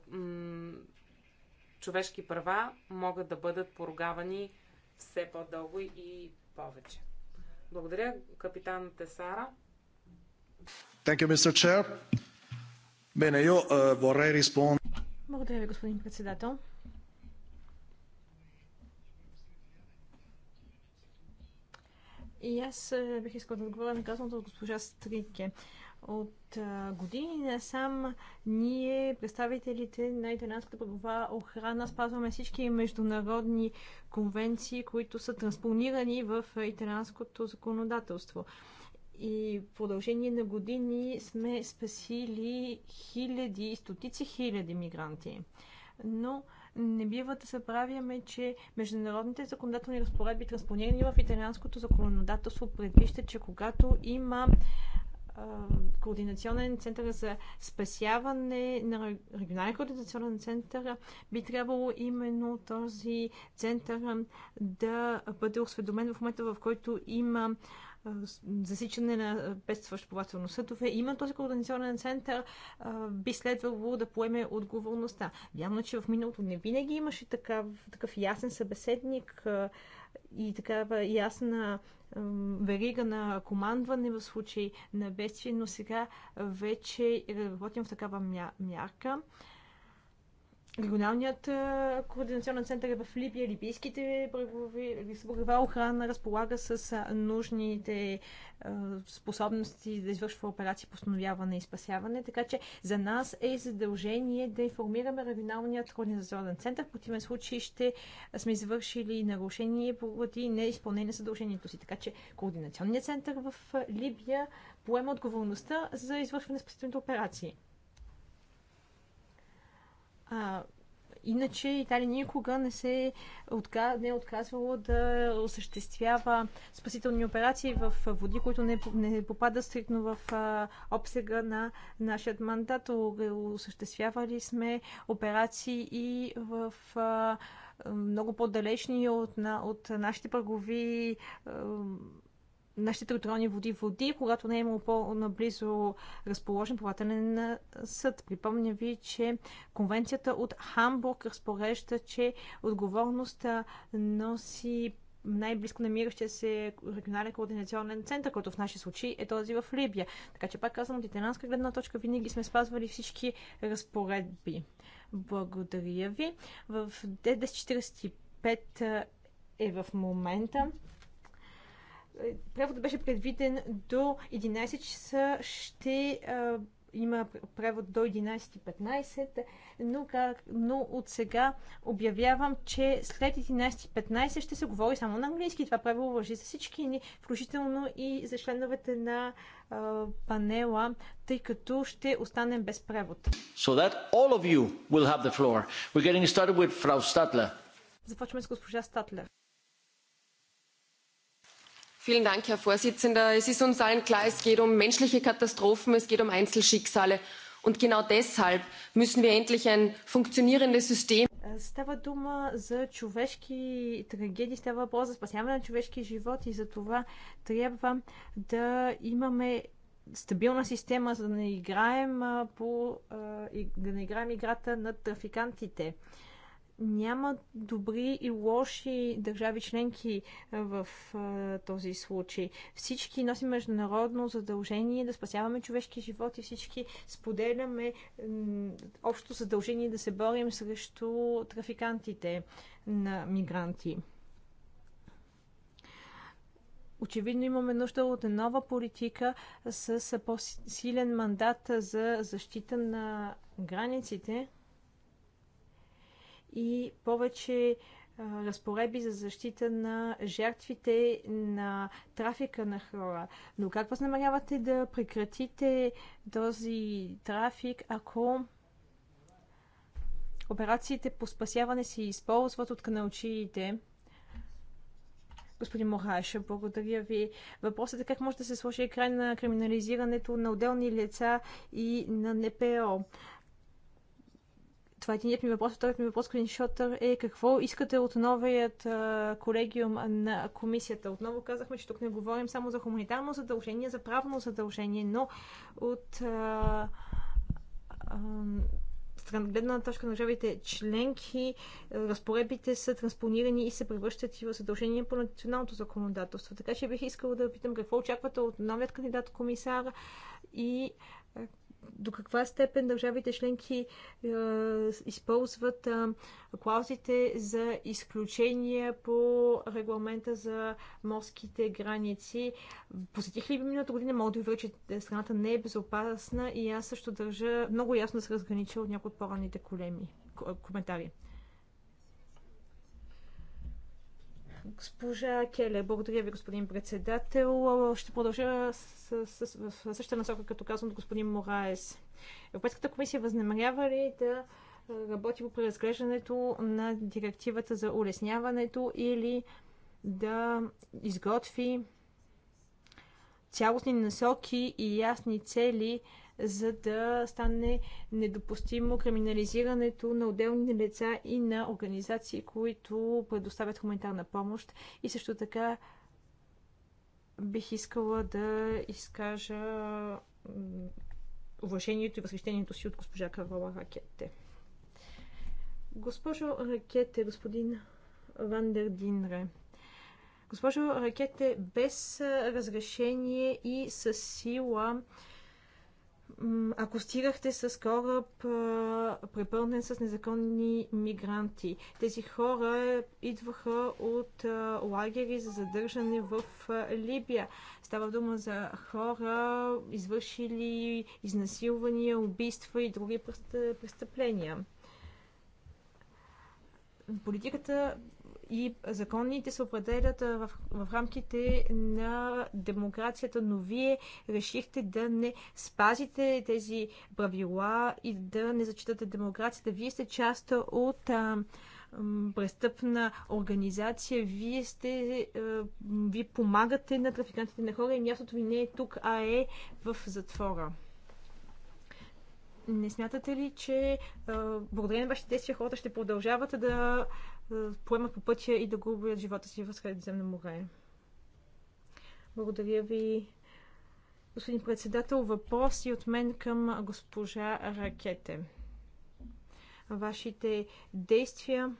човешки права могат да бъдат поругавани все по-дълго и повече. Благодаря, капитан Тесара. Thank you, Mr. Chair. Bene, io, uh, vorrei rispond... Благодаря ви, господин председател. И аз е, бих искал да отговоря на казаното от госпожа Стрике. От години е, години насам ние, представителите на италианската правова охрана, спазваме всички международни конвенции, които са транспонирани в е, италианското законодателство. И в продължение на години сме спасили хиляди, стотици хиляди мигранти. Но не бива да забравяме, че международните законодателни разпоредби, транспонирани в италианското законодателство, предвиждат, че когато има координационен център за спасяване на регионален координационен център, би трябвало именно този център да бъде осведомен в момента, в който има засичане на бедстващо плавателно съдове. Има този координационен център, би следвало да поеме отговорността. Вярно, че в миналото не винаги имаше такав, такъв ясен събеседник и такава ясна верига на командване в случай на бедствие, но сега вече работим в такава мярка. Регионалният е, координационен център е в Либия. Либийските брегови охрана разполага с нужните е, способности да извършва операции по установяване и спасяване. Така че за нас е задължение да информираме регионалният координационен център. В противен случай ще сме извършили нарушение поради неизпълнение на задължението си. Така че координационният център в Либия поема отговорността за извършване на спасителните операции. А, иначе Италия никога не се отка... не е отказвала да осъществява спасителни операции в води, които не, не попадат стрикно в а, обсега на нашия мандат. Е, осъществявали сме операции и в а, много по-далечни от, на, от нашите а, нашите електронни води води, когато не е имало по-наблизо разположен на съд. Припомня ви, че конвенцията от Хамбург разпорежда, че отговорността носи най-близко намиращия се регионален координационен център, който в нашия случаи е този в Либия. Така че пак казвам, от италянска гледна точка винаги сме спазвали всички разпоредби. Благодаря ви. В 10.45 е в момента преводът беше предвиден до 11 часа. Ще а, има превод до 11.15, но, как, но от сега обявявам, че след 11.15 ще се говори само на английски. Това правило въжи за всички ни, включително и за членовете на а, панела, тъй като ще останем без превод. So that all of you will have the floor. We're getting started with Frau Stadler. Започваме с госпожа Статлер. Vielen Dank, Herr Vorsitzender. Es ist uns allen klar, es geht um menschliche Katastrophen, es geht um Einzelschicksale. Und genau deshalb müssen wir endlich ein funktionierendes System. Става дума за човешки трагедии, става въпрос за спасяване на човешки живот и за това трябва да имаме стабилна система, за да не играем, по, да не играем играта на трафикантите няма добри и лоши държави членки в този случай. Всички носим международно задължение да спасяваме човешки живот и всички споделяме общо задължение да се борим срещу трафикантите на мигранти. Очевидно имаме нужда от нова политика с по-силен мандат за защита на границите, и повече разпореби за защита на жертвите на трафика на хора. Но как възнамерявате да прекратите този трафик, ако операциите по спасяване се използват от каналчиите? Господин Мораш, благодаря ви. Въпросът е как може да се сложи край на криминализирането на отделни лица и на НПО. Това е единият ми въпрос. Вторият ми въпрос, господин Шотър, е какво искате от новият колегиум на комисията? Отново казахме, че тук не говорим само за хуманитарно задължение, за правно задължение, но от а, а, гледна точка на държавите членки, разпоредбите са транспонирани и се превръщат и в задължение по националното законодателство. Така че бих искала да питам какво очаквате от новият кандидат комисар и до каква степен държавите членки е, използват е, клаузите за изключения по регламента за морските граници. Посетих ли ви миналата година, мога да ви че страната не е безопасна и аз също държа много ясно да се разгранича от някои от по-ранните е, коментари. Госпожа Келе, благодаря ви, господин председател. Ще продължа с, с, с, в същата насока, като казвам от господин Мораес. Европейската комисия възнамерява ли да работи по преразглеждането на директивата за улесняването или да изготви цялостни насоки и ясни цели за да стане недопустимо криминализирането на отделни лица и на организации, които предоставят хуманитарна помощ. И също така бих искала да изкажа уважението и възхищението си от госпожа Карола Ракетте. Госпожо Ракете, господин Вандер Динре, госпожо Ракете, без разрешение и с сила ако стигахте с кораб, препълнен с незаконни мигранти. Тези хора е, идваха от лагери за задържане в Либия. Става дума за хора, извършили изнасилвания, убийства и други престъпления. Политиката и законите се определят в, в рамките на демокрацията, но вие решихте да не спазите тези правила и да не зачитате демокрацията. Вие сте част от а, престъпна организация. Вие сте, ви помагате на трафикантите на хора и мястото ви не е тук, а е в затвора. Не смятате ли, че благодарение на вашите действия хората ще продължават да поемат по пътя и да губят живота си в Средиземно море. Благодаря ви, господин председател. Въпроси от мен към госпожа Ракете. Вашите действия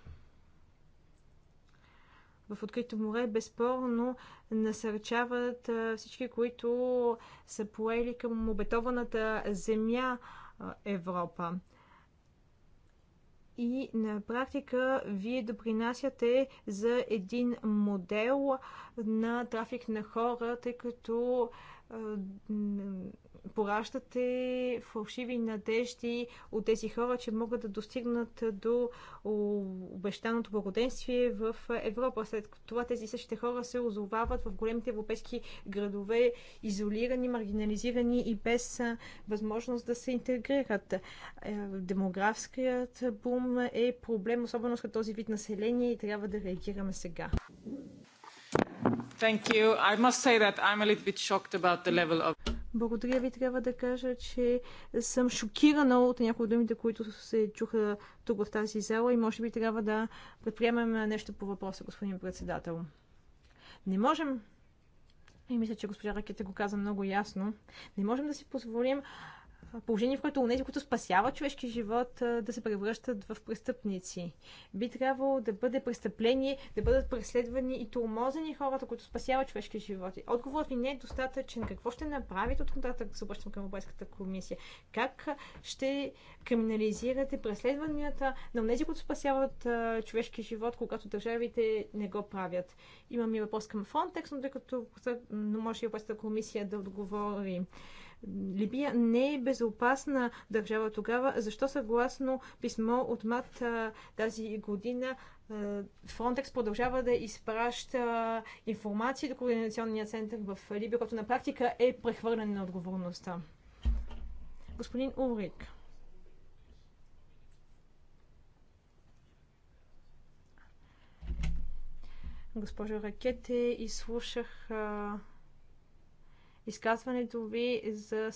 в открито море безспорно насърчават всички, които са поели към обетованата земя Европа и на практика вие допринасяте за един модел на трафик на хора, тъй като поращате фалшиви надежди от тези хора, че могат да достигнат до обещаното благоденствие в Европа. След това тези същите хора се озовават в големите европейски градове, изолирани, маргинализирани и без възможност да се интегрират. Е, демографският бум е проблем, особено с този вид население и трябва да реагираме сега. Of... Благодаря ви. Трябва да кажа, че съм шокирана от някои от думите, които се чуха тук в тази зала и може би трябва да предприемем нещо по въпроса, господин председател. Не можем, и мисля, че госпожа Ракета го каза много ясно, не можем да си позволим положение, в което тези, които спасяват човешки живот, да се превръщат в престъпници. Би трябвало да бъде престъпление, да бъдат преследвани и тормозени хората, които спасяват човешки животи. Отговорът ви не е достатъчен. Какво ще направи от нататък, се обръщам към Европейската комисия? Как ще криминализирате преследванията на тези, които спасяват човешки живот, когато държавите не го правят? Имам и въпрос към Frontex, но тъй като но може и Европейската комисия да отговори Либия не е безопасна държава тогава. Защо съгласно писмо от МАТ тази година Фронтекс продължава да изпраща информация до Координационния център в Либия, който на практика е прехвърлен на отговорността. Господин Урик. Госпожо Ракете, изслушах а, изказването ви за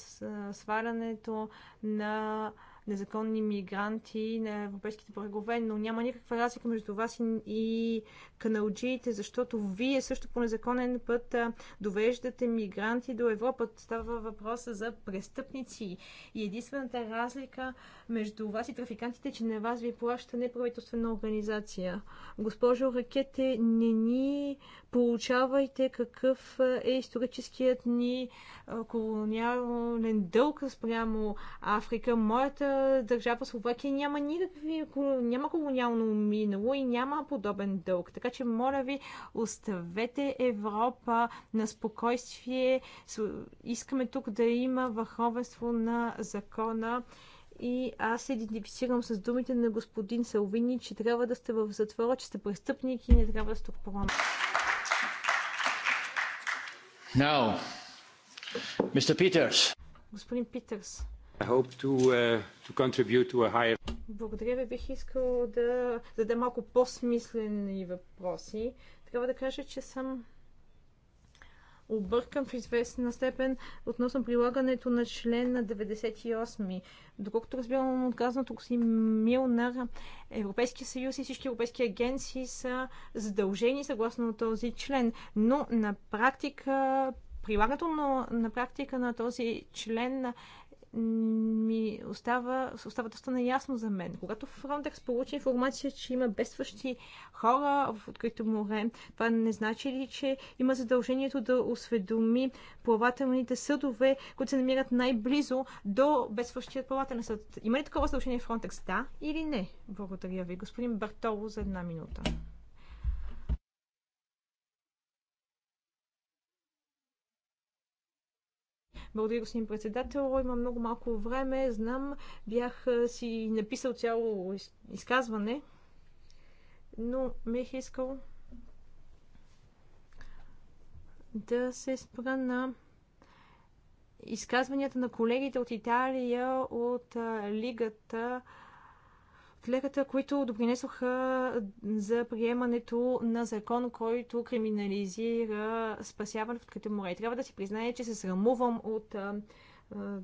свалянето на незаконни мигранти на европейските брегове, но няма никаква разлика между вас и каналджиите, защото вие също по незаконен път довеждате мигранти до Европа. Става въпроса за престъпници. И единствената разлика между вас и трафикантите, е, че на вас ви плаща неправителствена организация. Госпожо Ракете, не ни получавайте какъв е историческият ни колониален дълг спрямо Африка. Моята държава Словакия няма никакви, няма колониално минало и няма подобен дълг. Така че, моля ви, оставете Европа на спокойствие. Искаме тук да има върховенство на закона. И аз се идентифицирам с думите на господин Салвини, че трябва да сте в затвора, че сте престъпник и не трябва да сте в парламент. Now, Mr. Peters. Господин Питърс. Uh, Благодаря ви. Бих искал да задам малко по-смислени въпроси. Трябва да кажа, че съм объркан в известна степен относно прилагането на член на 98. Доколкото разбирам от казаното си Милнар, Европейския съюз и всички европейски агенции са задължени съгласно този член, но на практика прилагането на, на практика на този член ми остава, остава доста неясно за мен. Когато Фронтекс получи информация, че има бестващи хора в открито море, това не значи ли, че има задължението да осведоми плавателните съдове, които се намират най-близо до бестващият плавателен съд? Има ли такова задължение Фронтекс? Да или не? Благодаря ви. Господин Бартоло за една минута. Благодаря, господин председател. Има много малко време. Знам, бях си написал цяло изказване, но е искал да се спра на изказванията на колегите от Италия, от Лигата, клерата, които допринесоха за приемането на закон, който криминализира спасяване в открито море. Трябва да си призная, че се срамувам от а, а,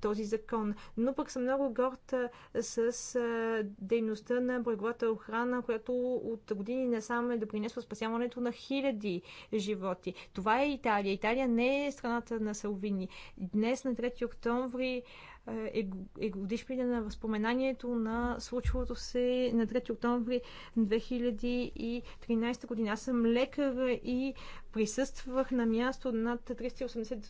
този закон. Но пък съм много горд с а, дейността на бреговата охрана, която от години не само е допринесла спасяването на хиляди животи. Това е Италия. Италия не е страната на Салвини. Днес, на 3 октомври, а, е, е годишнина на възпоменанието на случилото се на 3 октомври 2013 година. Аз съм лекар и присъствах на място над 380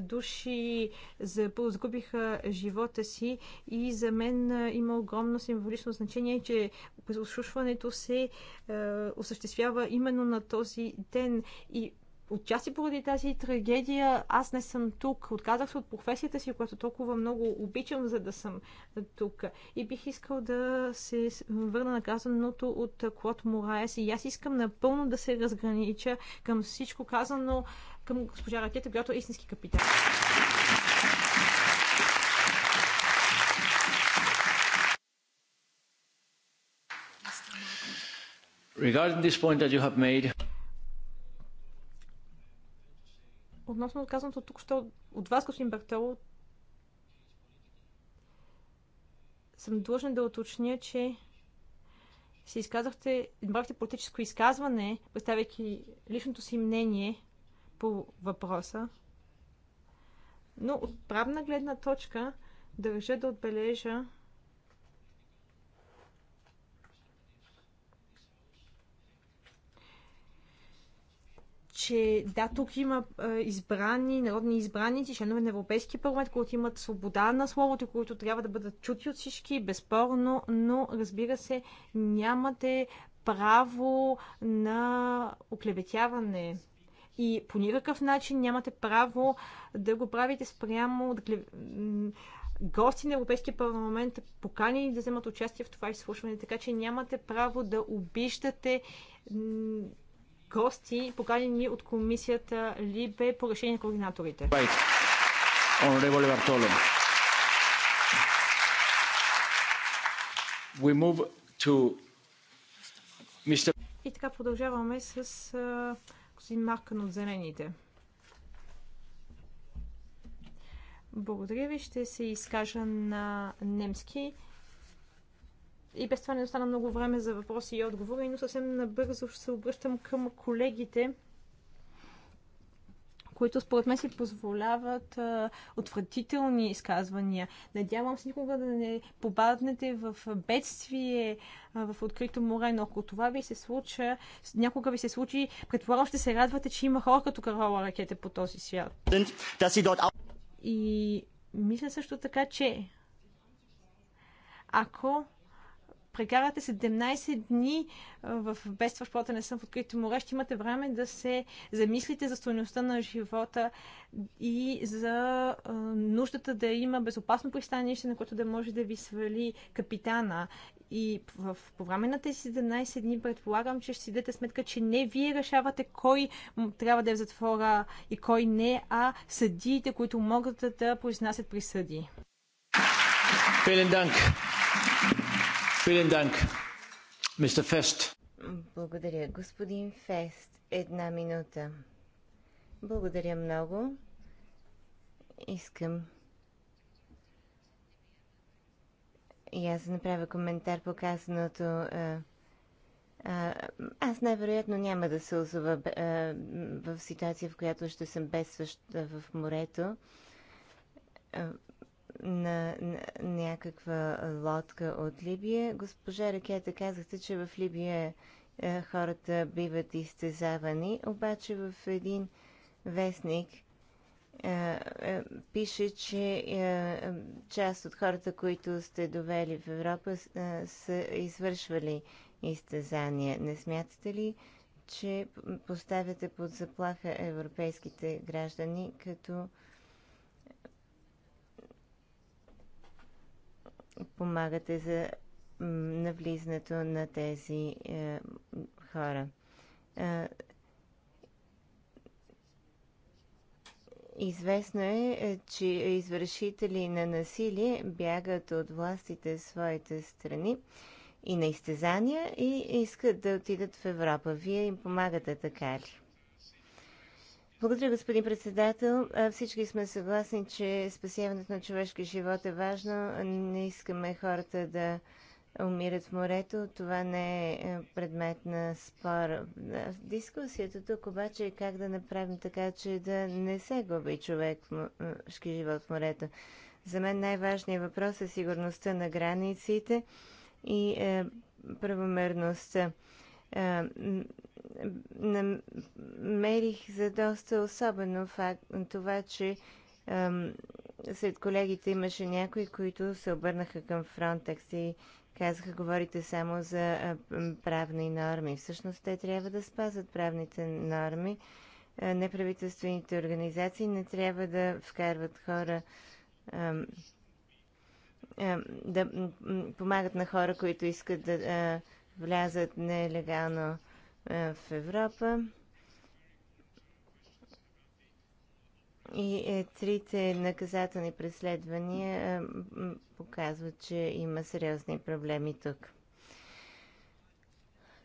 души загубиха живота си и за мен има огромно символично значение, че прослушването се е, осъществява именно на този ден и отчасти поради тази трагедия аз не съм тук. Отказах се от професията си, която толкова много обичам, за да съм тук. И бих искал да се върна на казаното от Клод Мораес. И аз искам напълно да се разгранича към всичко казано към госпожа Ракета, която е истински капитал. Regarding this point that you have made, Относно казаното тук, що от вас, господин Бартоло, съм длъжна да уточня, че се изказахте, направихте политическо изказване, представяйки личното си мнение по въпроса. Но от правна гледна точка държа да отбележа, че да, тук има избрани, народни избраници, членове на Европейския парламент, които имат свобода на словото, които трябва да бъдат чути от всички, безспорно, но разбира се, нямате право на оклеветяване и по никакъв начин нямате право да го правите спрямо да клев... гости на Европейския парламент, поканени да вземат участие в това изслушване, така че нямате право да обиждате гости, поканени от комисията Либе по решение на координаторите. И така продължаваме с господин Маркан от Зелените. Благодаря ви, ще се изкажа на немски. И без това не остана много време за въпроси и отговори, но съвсем набързо ще се обръщам към колегите, които според мен си позволяват а, отвратителни изказвания. Надявам се никога да не попаднете в бедствие а, в открито море, но ако това ви се случа, някога ви се случи, предполагам ще се радвате, че има хора като Карола Ракете по този свят. И мисля също така, че ако прекарате 17 дни в бестващ не съм в открито море, ще имате време да се замислите за стоеността на живота и за нуждата да има безопасно пристанище, на което да може да ви свали капитана. И в, по време на тези 17 дни предполагам, че ще си дадете сметка, че не вие решавате кой трябва да е в затвора и кой не, а съдиите, които могат да произнасят присъди. Vielen Dank. Благодаря, господин Фест. Една минута. Благодаря много. Искам и аз да направя коментар по казаното. аз най-вероятно няма да се озова в ситуация, в която ще съм бедстваща в морето на, на някаква лодка от Либия. Госпожа Ракета, казахте, че в Либия е, хората биват изтезавани, обаче в един вестник е, е, пише, че е, част от хората, които сте довели в Европа, е, са извършвали изтезания. Не смятате ли, че поставяте под заплаха европейските граждани, като помагате за навлизането на тези е, хора. Е, известно е, е, че извършители на насилие бягат от властите в своите страни и на изтезания и искат да отидат в Европа. Вие им помагате така ли? Благодаря, господин председател. Всички сме съгласни, че спасяването на човешки живот е важно. Не искаме хората да умират в морето. Това не е, е предмет на спор. Дискусията тук обаче е как да направим така, че да не се губи човешки живот в морето. За мен най-важният въпрос е сигурността на границите и е, правомерността. Е, намерих за доста особено факт, това, че сред колегите имаше някои, които се обърнаха към Фронтекс и казаха, говорите само за правни норми. Всъщност те трябва да спазват правните норми. Е, неправителствените организации не трябва да вкарват хора да помагат на хора, които искат да влязат нелегално е, в Европа. И е, трите наказателни преследвания е, показват, че има сериозни проблеми тук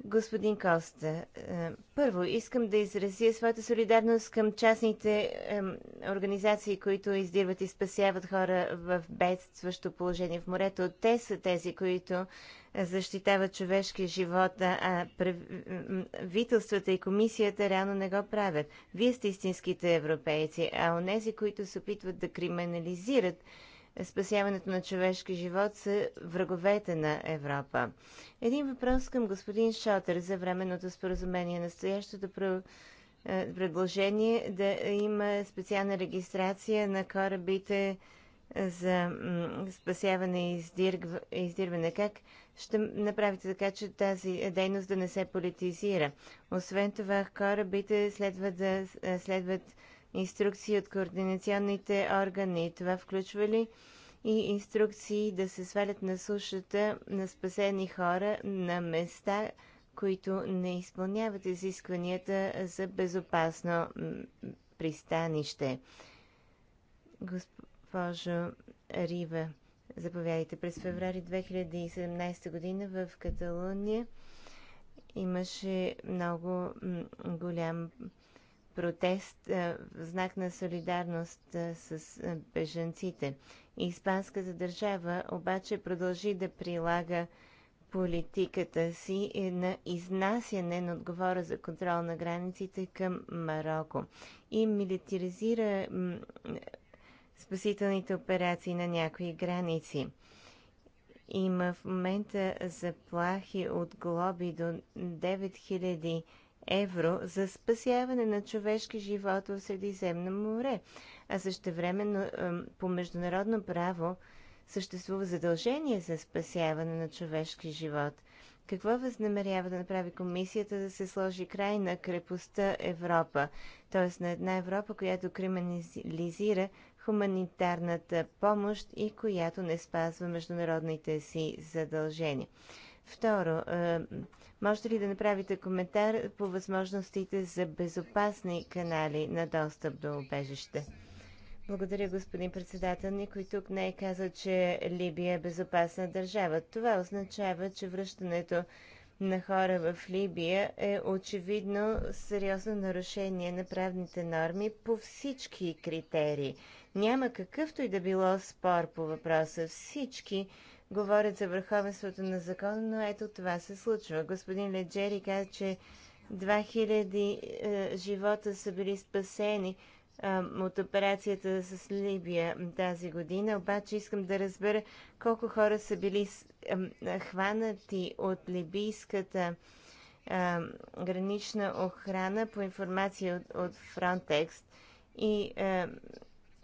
господин Коста. Е, първо, искам да изразя своята солидарност към частните е, организации, които издирват и спасяват хора в бедстващо положение в морето. Те са тези, които е, защитават човешки живот, а правителствата и комисията реално не го правят. Вие сте истинските европейци, а онези, които се опитват да криминализират спасяването на човешки живот са враговете на Европа. Един въпрос към господин Шотер за временното споразумение. Настоящото е, предложение е да има специална регистрация на корабите е, за спасяване и издирване. Как ще направите така, че тази дейност да не се политизира? Освен това, корабите следва да следват инструкции от координационните органи. Това включва ли и инструкции да се свалят на сушата на спасени хора на места, които не изпълняват изискванията за безопасно пристанище. Госпожо Рива, заповядайте. През феврари 2017 година в Каталуния имаше много голям протест в знак на солидарност с бежанците. Испанската държава обаче продължи да прилага политиката си на изнасяне на отговора за контрол на границите към Марокко и милитаризира спасителните операции на някои граници. Има в момента заплахи от глоби до 9000 евро за спасяване на човешки живот в Средиземно море. А същевременно по международно право съществува задължение за спасяване на човешки живот. Какво възнамерява да направи комисията да се сложи край на крепостта Европа, т.е. на една Европа, която криминализира хуманитарната помощ и която не спазва международните си задължения? Второ, е, можете ли да направите коментар по възможностите за безопасни канали на достъп до убежище? Благодаря, господин председател. Никой тук не е казал, че Либия е безопасна държава. Това означава, че връщането на хора в Либия е очевидно сериозно нарушение на правните норми по всички критерии. Няма какъвто и да било спор по въпроса. Всички говорят за върховенството на закона, но ето това се случва. Господин Леджери каза, че 2000 е, живота са били спасени е, от операцията с Либия тази година, обаче искам да разбера колко хора са били е, хванати от либийската е, гранична охрана по информация от, от Frontex и е,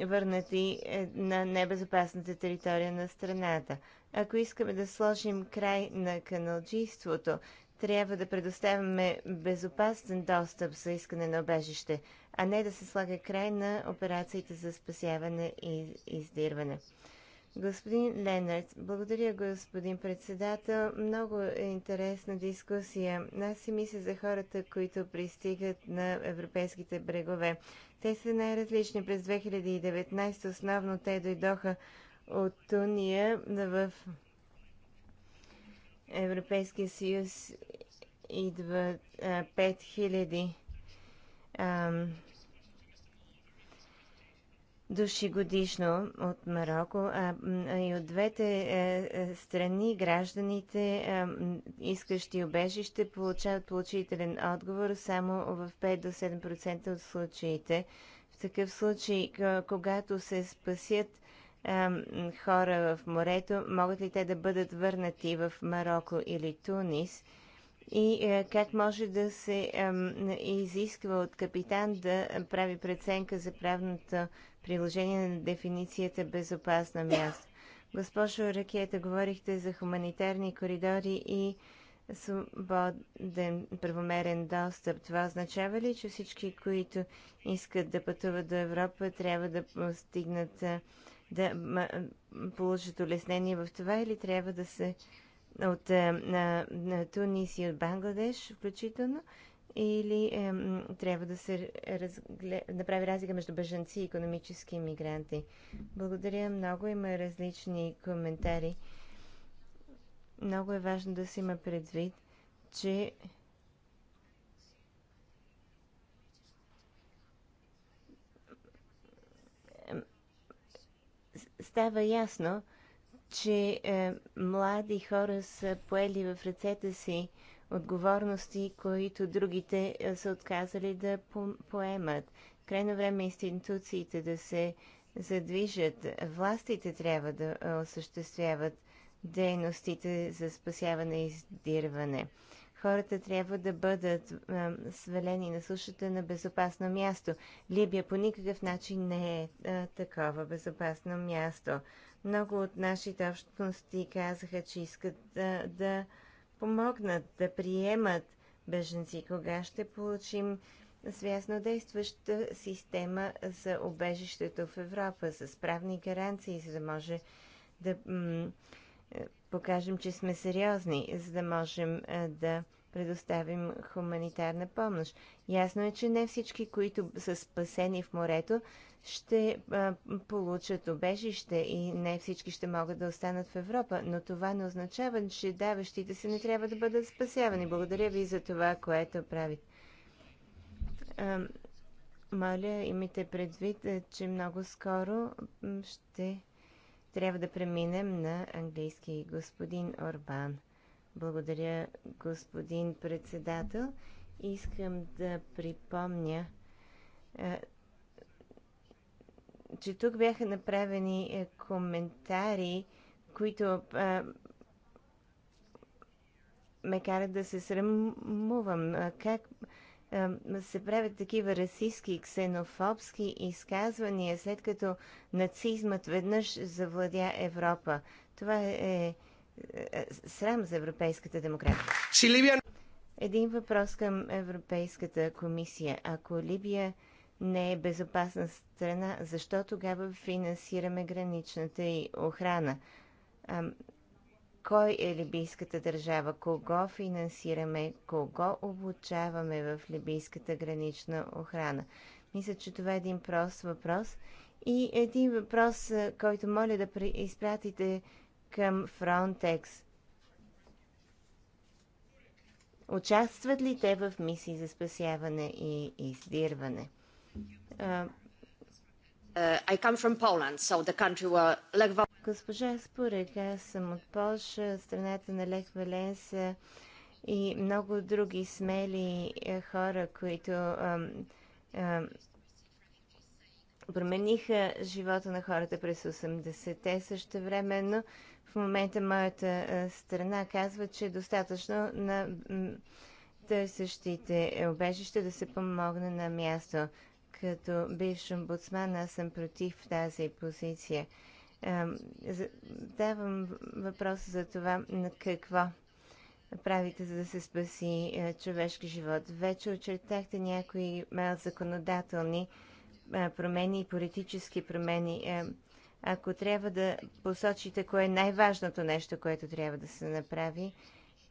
върнати е, на небезопасната територия на страната. Ако искаме да сложим край на каналджийството, трябва да предоставяме безопасен достъп за искане на обежище, а не да се слага край на операциите за спасяване и издирване. Господин Ленард, благодаря господин председател. Много е интересна дискусия. Аз си мисля за хората, които пристигат на европейските брегове. Те са най-различни. През 2019 основно те дойдоха от Туния в Европейския съюз идват 5000 души годишно от Марокко, а, и от двете а, страни гражданите, а, искащи обежище, получават получителен отговор само в 5 до 7% от случаите. В такъв случай, когато се спасят хора в морето, могат ли те да бъдат върнати в Марокко или Тунис? И е, как може да се изисква от капитан да прави преценка за правното приложение на дефиницията безопасно място? Госпожо Ракета, говорихте за хуманитарни коридори и свободен правомерен достъп. Това означава ли, че всички, които искат да пътуват до Европа, трябва да постигнат да получат улеснение в това или трябва да се от на, на Тунис и от Бангладеш включително или е, трябва да се разгле... направи разлика между бежанци и економически мигранти. Благодаря много. Има различни коментари. Много е важно да се има предвид, че става ясно, че е, млади хора са поели в ръцете си отговорности, които другите е, са отказали да по- поемат. Крайно време институциите да се задвижат, властите трябва да е, осъществяват дейностите за спасяване и издирване. Хората трябва да бъдат а, свалени на сушата на безопасно място. Либия по никакъв начин не е а, такова безопасно място. Много от нашите общности казаха, че искат да, да помогнат, да приемат беженци. Кога ще получим свясно действаща система за обежището в Европа, с правни гаранции, за да може да покажем, че сме сериозни, за да можем да предоставим хуманитарна помощ. Ясно е, че не всички, които са спасени в морето, ще получат обежище и не всички ще могат да останат в Европа, но това не означава, че даващите се не трябва да бъдат спасявани. Благодаря ви за това, което правите. А, моля, имайте предвид, че много скоро ще трябва да преминем на английски. Господин Орбан, благодаря, господин председател. Искам да припомня, че тук бяха направени коментари, които ме карат да се срамувам. Как се правят такива расистски, ксенофобски изказвания, след като нацизмът веднъж завладя Европа. Това е, е, е срам за европейската демокрация. Един въпрос към Европейската комисия. Ако Либия не е безопасна страна, защо тогава финансираме граничната и охрана? кой е либийската държава, кого финансираме, кого обучаваме в либийската гранична охрана. Мисля, че това е един прост въпрос. И един въпрос, който моля да изпратите към Frontex. Участват ли те в мисии за спасяване и издирване? Uh, I come from Poland, so the country where Госпожа Спорек, аз съм от Польша, страната на Лех Валенса и много други смели е, хора, които промениха живота на хората през 80-те също време, но в момента моята е, страна казва, че е достатъчно на търсещите обежища е, да се помогне на място. Като бивш омбудсман аз съм против тази позиция. Давам въпрос за това на какво правите, за да се спаси е, човешки живот. Вече очертахте някои законодателни промени и политически промени. Е, ако трябва да посочите кое е най-важното нещо, което трябва да се направи,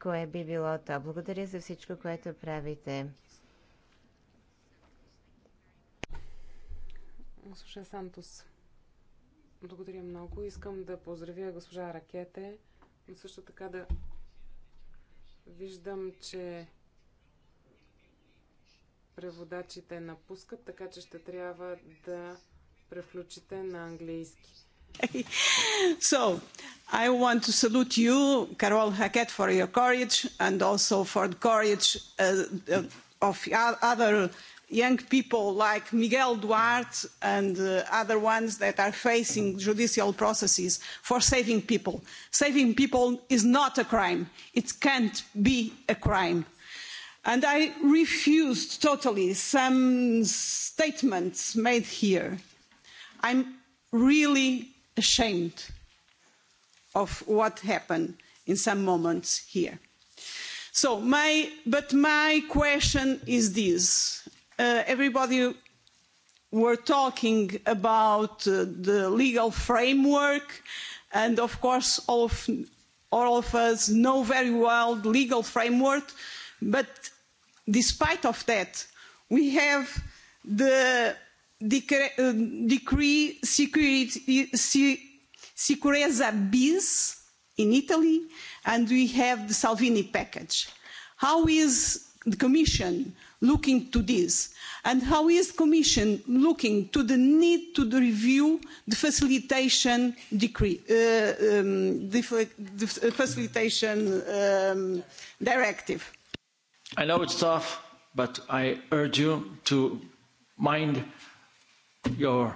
кое би било то. Благодаря за всичко, което правите. Слушай, Сантос. Благодаря много. Искам да поздравя госпожа Ракете, но също така да виждам, че преводачите напускат, така че ще трябва да превключите на английски. *laughs* So, I want to salute you, Carol Hackett, for your courage and also for the courage uh, uh of other young people like Miguel Duarte and other ones that are facing judicial processes for saving people. Saving people is not a crime. It can't be a crime. And I refuse totally some statements made here. I'm really ashamed of what happened in some moments here. So my, but my question is this everybody were talking about the legal framework and of course all of, us know very well the legal framework but despite of that we have the decree sicurezza bis in italy and we have the salvini package. how is the commission looking to this? And how is the Commission looking to the need to review the facilitation decree, the, facilitation directive? I know it's tough, but I urge you to mind your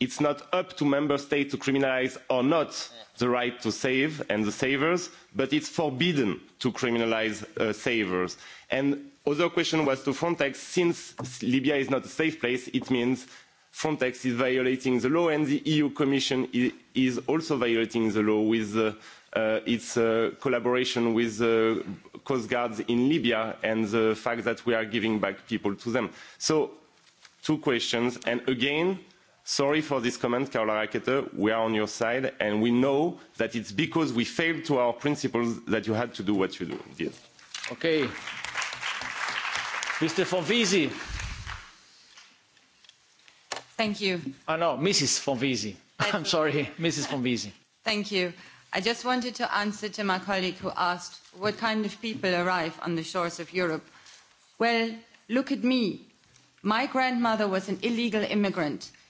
it's not up to member states to criminalise or not the right to save and the savers but it's forbidden to criminalise savers. and the other question was to frontex since libya is not a safe place it means frontex is violating the law and the eu commission is also violating the law with its collaboration with the coast guards in libya and the fact that we are giving back people to them. so two questions and again sorry for this comment carola rackete we are on your side and we know that it's because we failed to our principles that you had to do what you did. okay. mr Fonvisi. thank you. oh no mrs i'm sorry mrs Fonvisi. thank you. i just wanted to answer to my colleague who asked what kind of people arrive on the shores of europe. well look at me. my grandmother was an illegal immigrant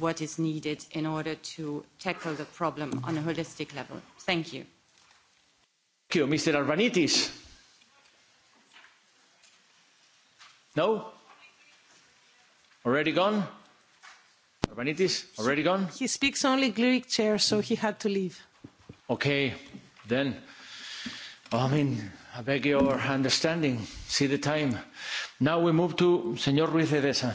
what is needed in order to tackle the problem on a holistic level. Thank you. Thank you. Mr. Arbanitis. No? Already gone? Arbanitis? already gone? He speaks only Greek chair, so he had to leave. Okay, then. I mean, I beg your understanding. See the time. Now we move to Senor Ruiz de Deza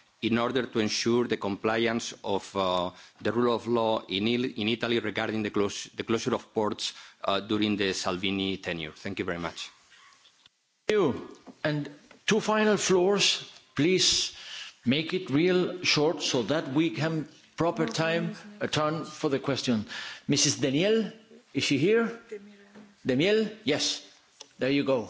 in order to ensure the compliance of the rule of law in, Italy regarding the, closure of ports during the Salvini tenure. Thank you very much. Thank you. two final floors, please make it real short so that we can proper time a turn for the question. Mrs. Daniel, is she here? Daniel, yes. There you go.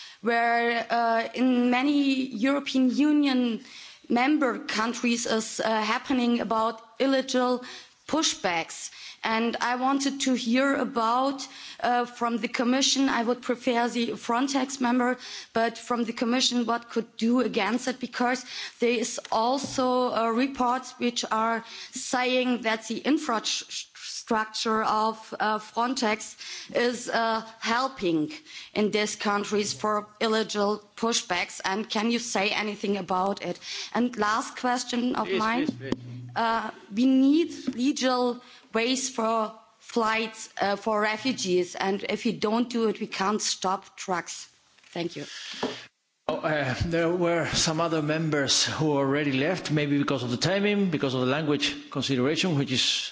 where uh, in many European Union member countries is uh, happening about illegal pushbacks. And I wanted to hear about uh, from the Commission, I would prefer the Frontex member, but from the Commission what could do against it because there is also uh, reports which are saying that the infrastructure structure of Frontex is helping in these countries for illegal pushbacks? And can you say anything about it? And last question of mine. we need legal ways for flights for refugees. And if we don't do it, we can't stop trucks. Thank you. There were some other members who already left, maybe because of the timing, because of the language consideration, which is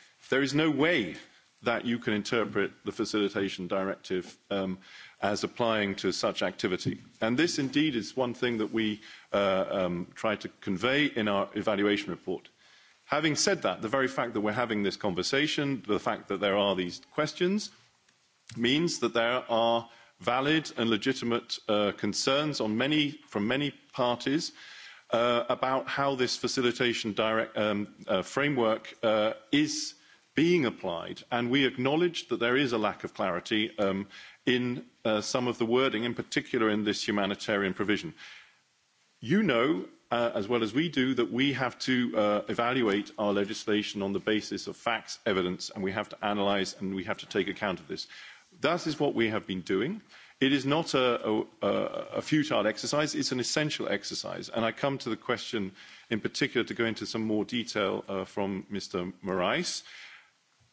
There is no way that you can interpret the facilitation directive um, as applying to such activity. And this indeed is one thing that we uh, um, try to convey in our evaluation report. Having said that, the very fact that we're having this conversation, the fact that there are these questions, means that there are valid and legitimate uh, concerns on many, from many parties uh, about how this facilitation direct, um, uh, framework uh, is being applied. And we acknowledge that there is a lack of clarity um, in uh, some of the wording, in particular in this humanitarian provision. You know, uh, as well as we do, that we have to uh, evaluate our legislation on the basis of facts, evidence, and we have to analyse and we have to take account of this. That is what we have been doing. It is not a, a, a futile exercise, it's an essential exercise. And I come to the question in particular to go into some more detail uh, from Mr. Moraes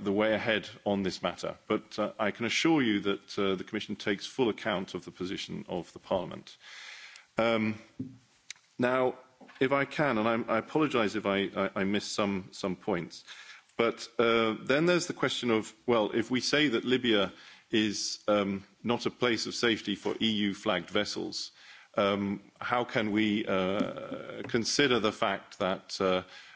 the way ahead on this matter. But uh, I can assure you that uh, the Commission takes full account of the position of the Parliament. Um, now, if I can, and I, I apologise if I, I, I miss some, some points, but uh, then there's the question of, well, if we say that Libya is um, not a place of safety for EU-flagged vessels, um, how can we uh, consider the fact that uh,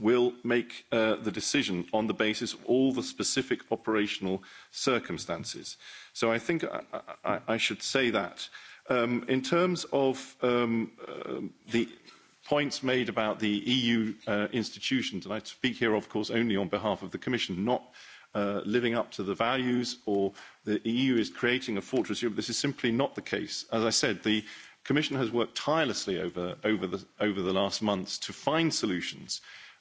will make uh, the decision on the basis of all the specific operational circumstances. So I think I, I, I should say that. Um, in terms of um, uh, the points made about the EU uh, institutions, and I speak here, of course, only on behalf of the Commission, not uh, living up to the values or the EU is creating a fortress Europe. This is simply not the case. As I said, the Commission has worked tirelessly over, over, the, over the last months to find solutions uh,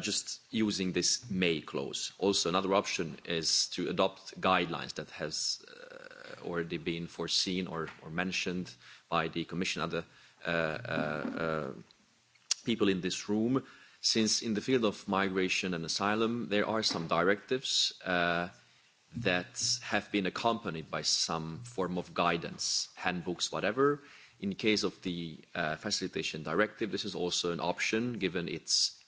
just using this may clause. Also, another option is to adopt guidelines that has already been foreseen or, or mentioned by the Commission and other people in this room. Since in the field of migration and asylum, there are some directives that have been accompanied by some form of guidance, handbooks, whatever. In case of the Facilitation Directive, this is also an option given its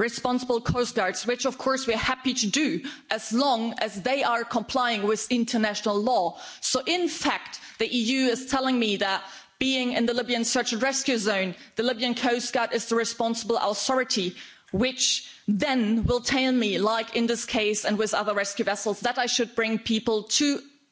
responsible coastguards which of course we are happy to do as long as they are complying with international law. so in fact the eu is telling me that being in the libyan search and rescue zone the libyan Coast Guard is the responsible authority which then will tell me like in this case and with other rescue vessels that i should bring people to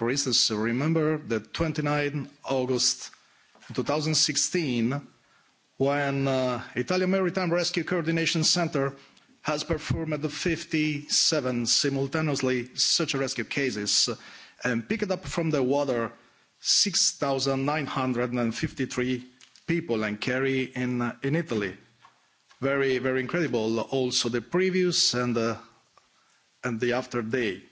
For instance, remember the 29 August sixteen when uh, Italian Maritime Rescue Coordination Centre has performed fifty seven simultaneously search and rescue cases and picked up from the water six nine hundred and fifty three people and carry in, in Italy. Very, very incredible also the previous and, uh, and the after day.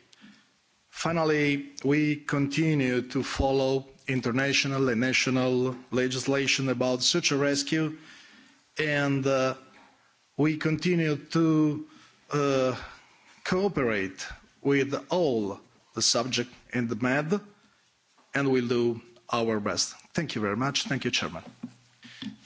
Finally, we continue to follow international and national legislation about search and rescue, and we continue to cooperate with all the subject and the med, and we'll do our best. Thank you very much. Thank you, Chairman.